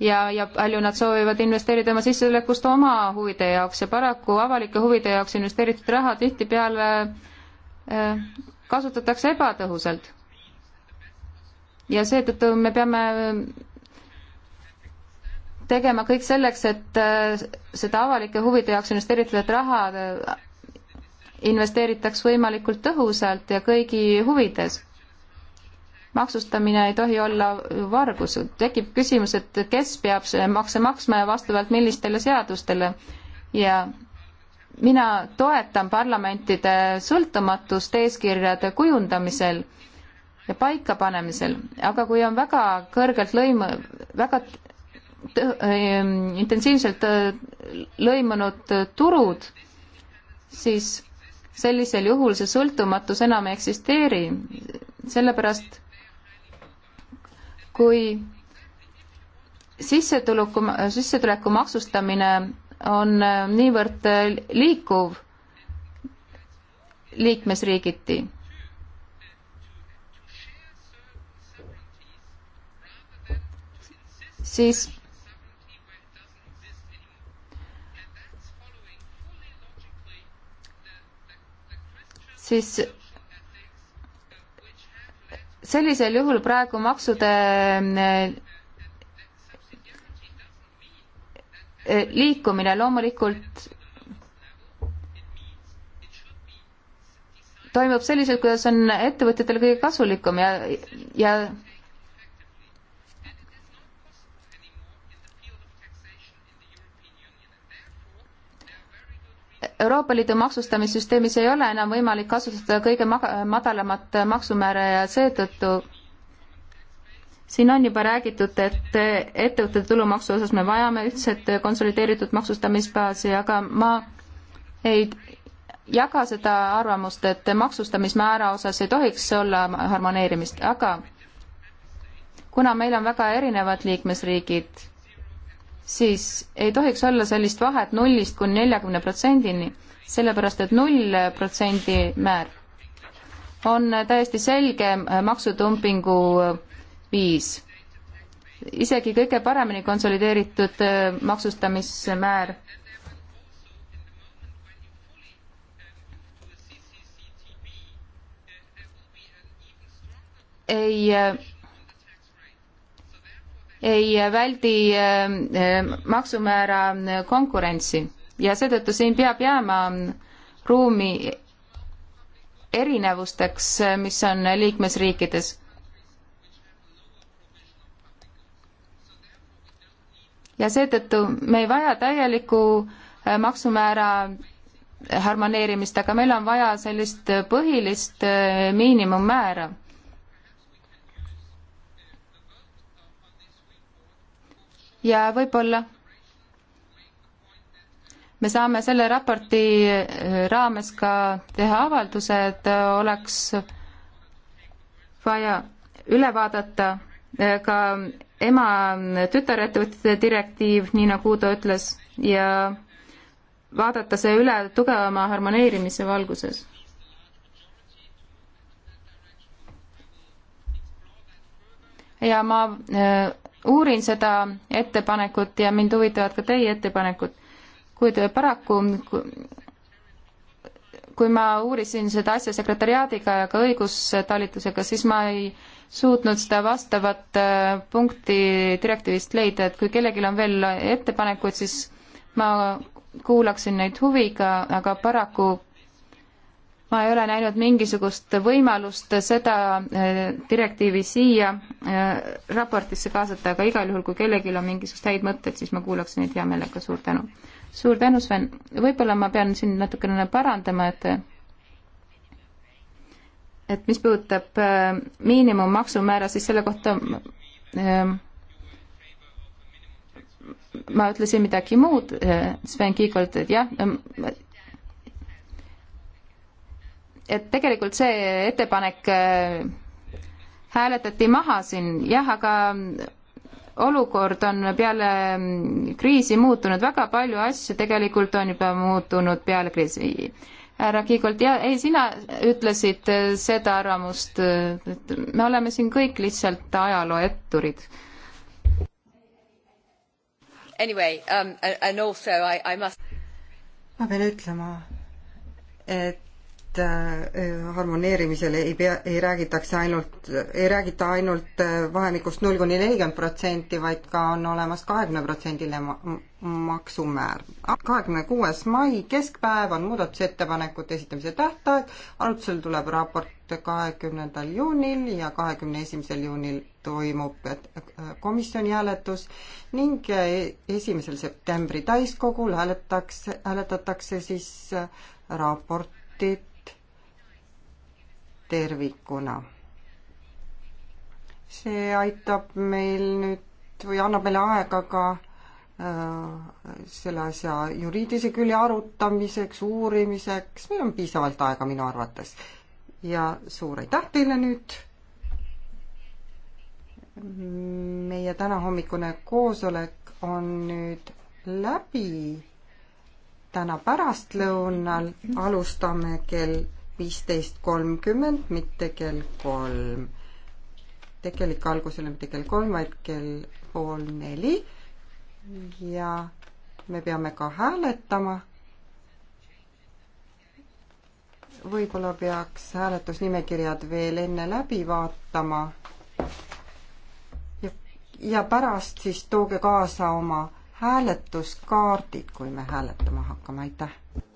ja, ja palju nad soovivad investeerida oma sissetulekust oma huvide jaoks ja paraku avalike huvide jaoks investeeritud raha tihtipeale kasutatakse ebatõhusalt. ja seetõttu me peame tegema kõik selleks, et äh, seda avalike huvide jaoks investeeritud raha äh, investeeritaks võimalikult tõhusalt ja kõigi huvides. maksustamine ei tohi olla vargus, tekib küsimus, et kes peab makse maksma ja vastavalt millistele seadustele ja mina toetan parlamentide sõltumatust eeskirjade kujundamisel ja paikapanemisel, aga kui on väga kõrgelt lõim-, väga Ähm, intensiivselt äh, lõimunud äh, turud, siis sellisel juhul see sõltumatus enam ei eksisteeri, sellepärast kui sissetuleku, sissetuleku maksustamine on äh, niivõrd liikuv liikmesriigiti, siis siis sellisel juhul praegu maksude eh, eh, liikumine loomulikult toimub selliselt, kuidas on ettevõtjatele kõige kasulikum ja, ja Euroopa Liidu maksustamissüsteemis ei ole enam võimalik kasutada kõige madalamat maksumäära ja seetõttu siin on juba räägitud, et ettevõtete tulumaksu osas me vajame ühtset konsolideeritud maksustamisbaasi, aga ma ei jaga seda arvamust, et maksustamismäära osas ei tohiks olla harmoneerimist, aga kuna meil on väga erinevad liikmesriigid, siis ei tohiks olla sellist vahet nullist kuni neljakümne protsendini sellepärast et null protsendi määr on täiesti selge maksutumpingu viis. isegi kõige paremini konsolideeritud äh, maksustamismäär ei äh, ei väldi äh, maksumäära konkurentsi ja seetõttu siin peab jääma ruumi erinevusteks, mis on liikmesriikides. ja seetõttu me ei vaja täielikku äh, maksumäära harmoneerimist, aga meil on vaja sellist põhilist äh, miinimummäära ja võib-olla me saame selle raporti äh, raames ka teha avalduse, et äh, oleks vaja üle vaadata äh, ka ema tütarettevõtete direktiiv, nii nagu Uudo ütles, ja vaadata see üle tugevama harmoneerimise valguses. ja ma uurin seda ettepanekut ja mind huvitavad ka teie ettepanekud kuid paraku kui ma uurisin seda asja sekretariaadiga ja ka õigustalitusega, siis ma ei suutnud seda vastavat äh, punkti direktiivist leida, et kui kellelgi on veel ettepanekuid, siis ma kuulaksin neid huviga, aga paraku ma ei ole näinud mingisugust võimalust seda äh, direktiivi siia äh, raportisse kaasata, aga igal juhul, kui kellelgi on mingisuguseid häid mõtteid, siis ma kuulaksin neid hea meelega, suur tänu suur tänu, Sven. võib-olla ma pean siin natukene parandama, et et mis puudutab äh, miinimummaksumäära, siis selle kohta äh, ma ütlesin midagi muud äh,, Sven Kiigolt, et jah äh,, et tegelikult see ettepanek äh, hääletati maha siin, jah, aga olukord on peale kriisi muutunud, väga palju asju tegelikult on juba muutunud peale kriisi. härra Kiigolt, ja ei, sina ütlesid seda arvamust, et me oleme siin kõik lihtsalt ajalooetturid anyway, um, and also I, I must ma pean ütlema, et et äh, harmoneerimisel ei pea, ei räägitakse ainult, ei räägita ainult äh, vahemikust null kuni nelikümmend protsenti, vaid ka on olemas kahekümne protsendine maksumäär. kahekümne kuues mai keskpäev on muudatusettepanekute esitamise tähtaeg, arutusel tuleb raport kahekümnendal juunil ja kahekümne esimesel juunil toimub äh, komisjoni hääletus ning esimesel septembri täiskogul hääletakse, hääletatakse siis raportit tervikuna. see aitab meil nüüd või annab meile aega ka äh, selle asja juriidilise külje arutamiseks, uurimiseks, meil on piisavalt aega minu arvates. ja suur aitäh teile nüüd. meie tänahommikune koosolek on nüüd läbi. täna pärastlõunal alustame kell viisteist kolmkümmend, mitte kell kolm. tegelik algus ei ole mitte kell kolm, vaid kell pool neli. ja me peame ka hääletama. võib-olla peaks hääletusnimekirjad veel enne läbi vaatama. ja, ja pärast siis tooge kaasa oma hääletuskaardid, kui me hääletama hakkame, aitäh!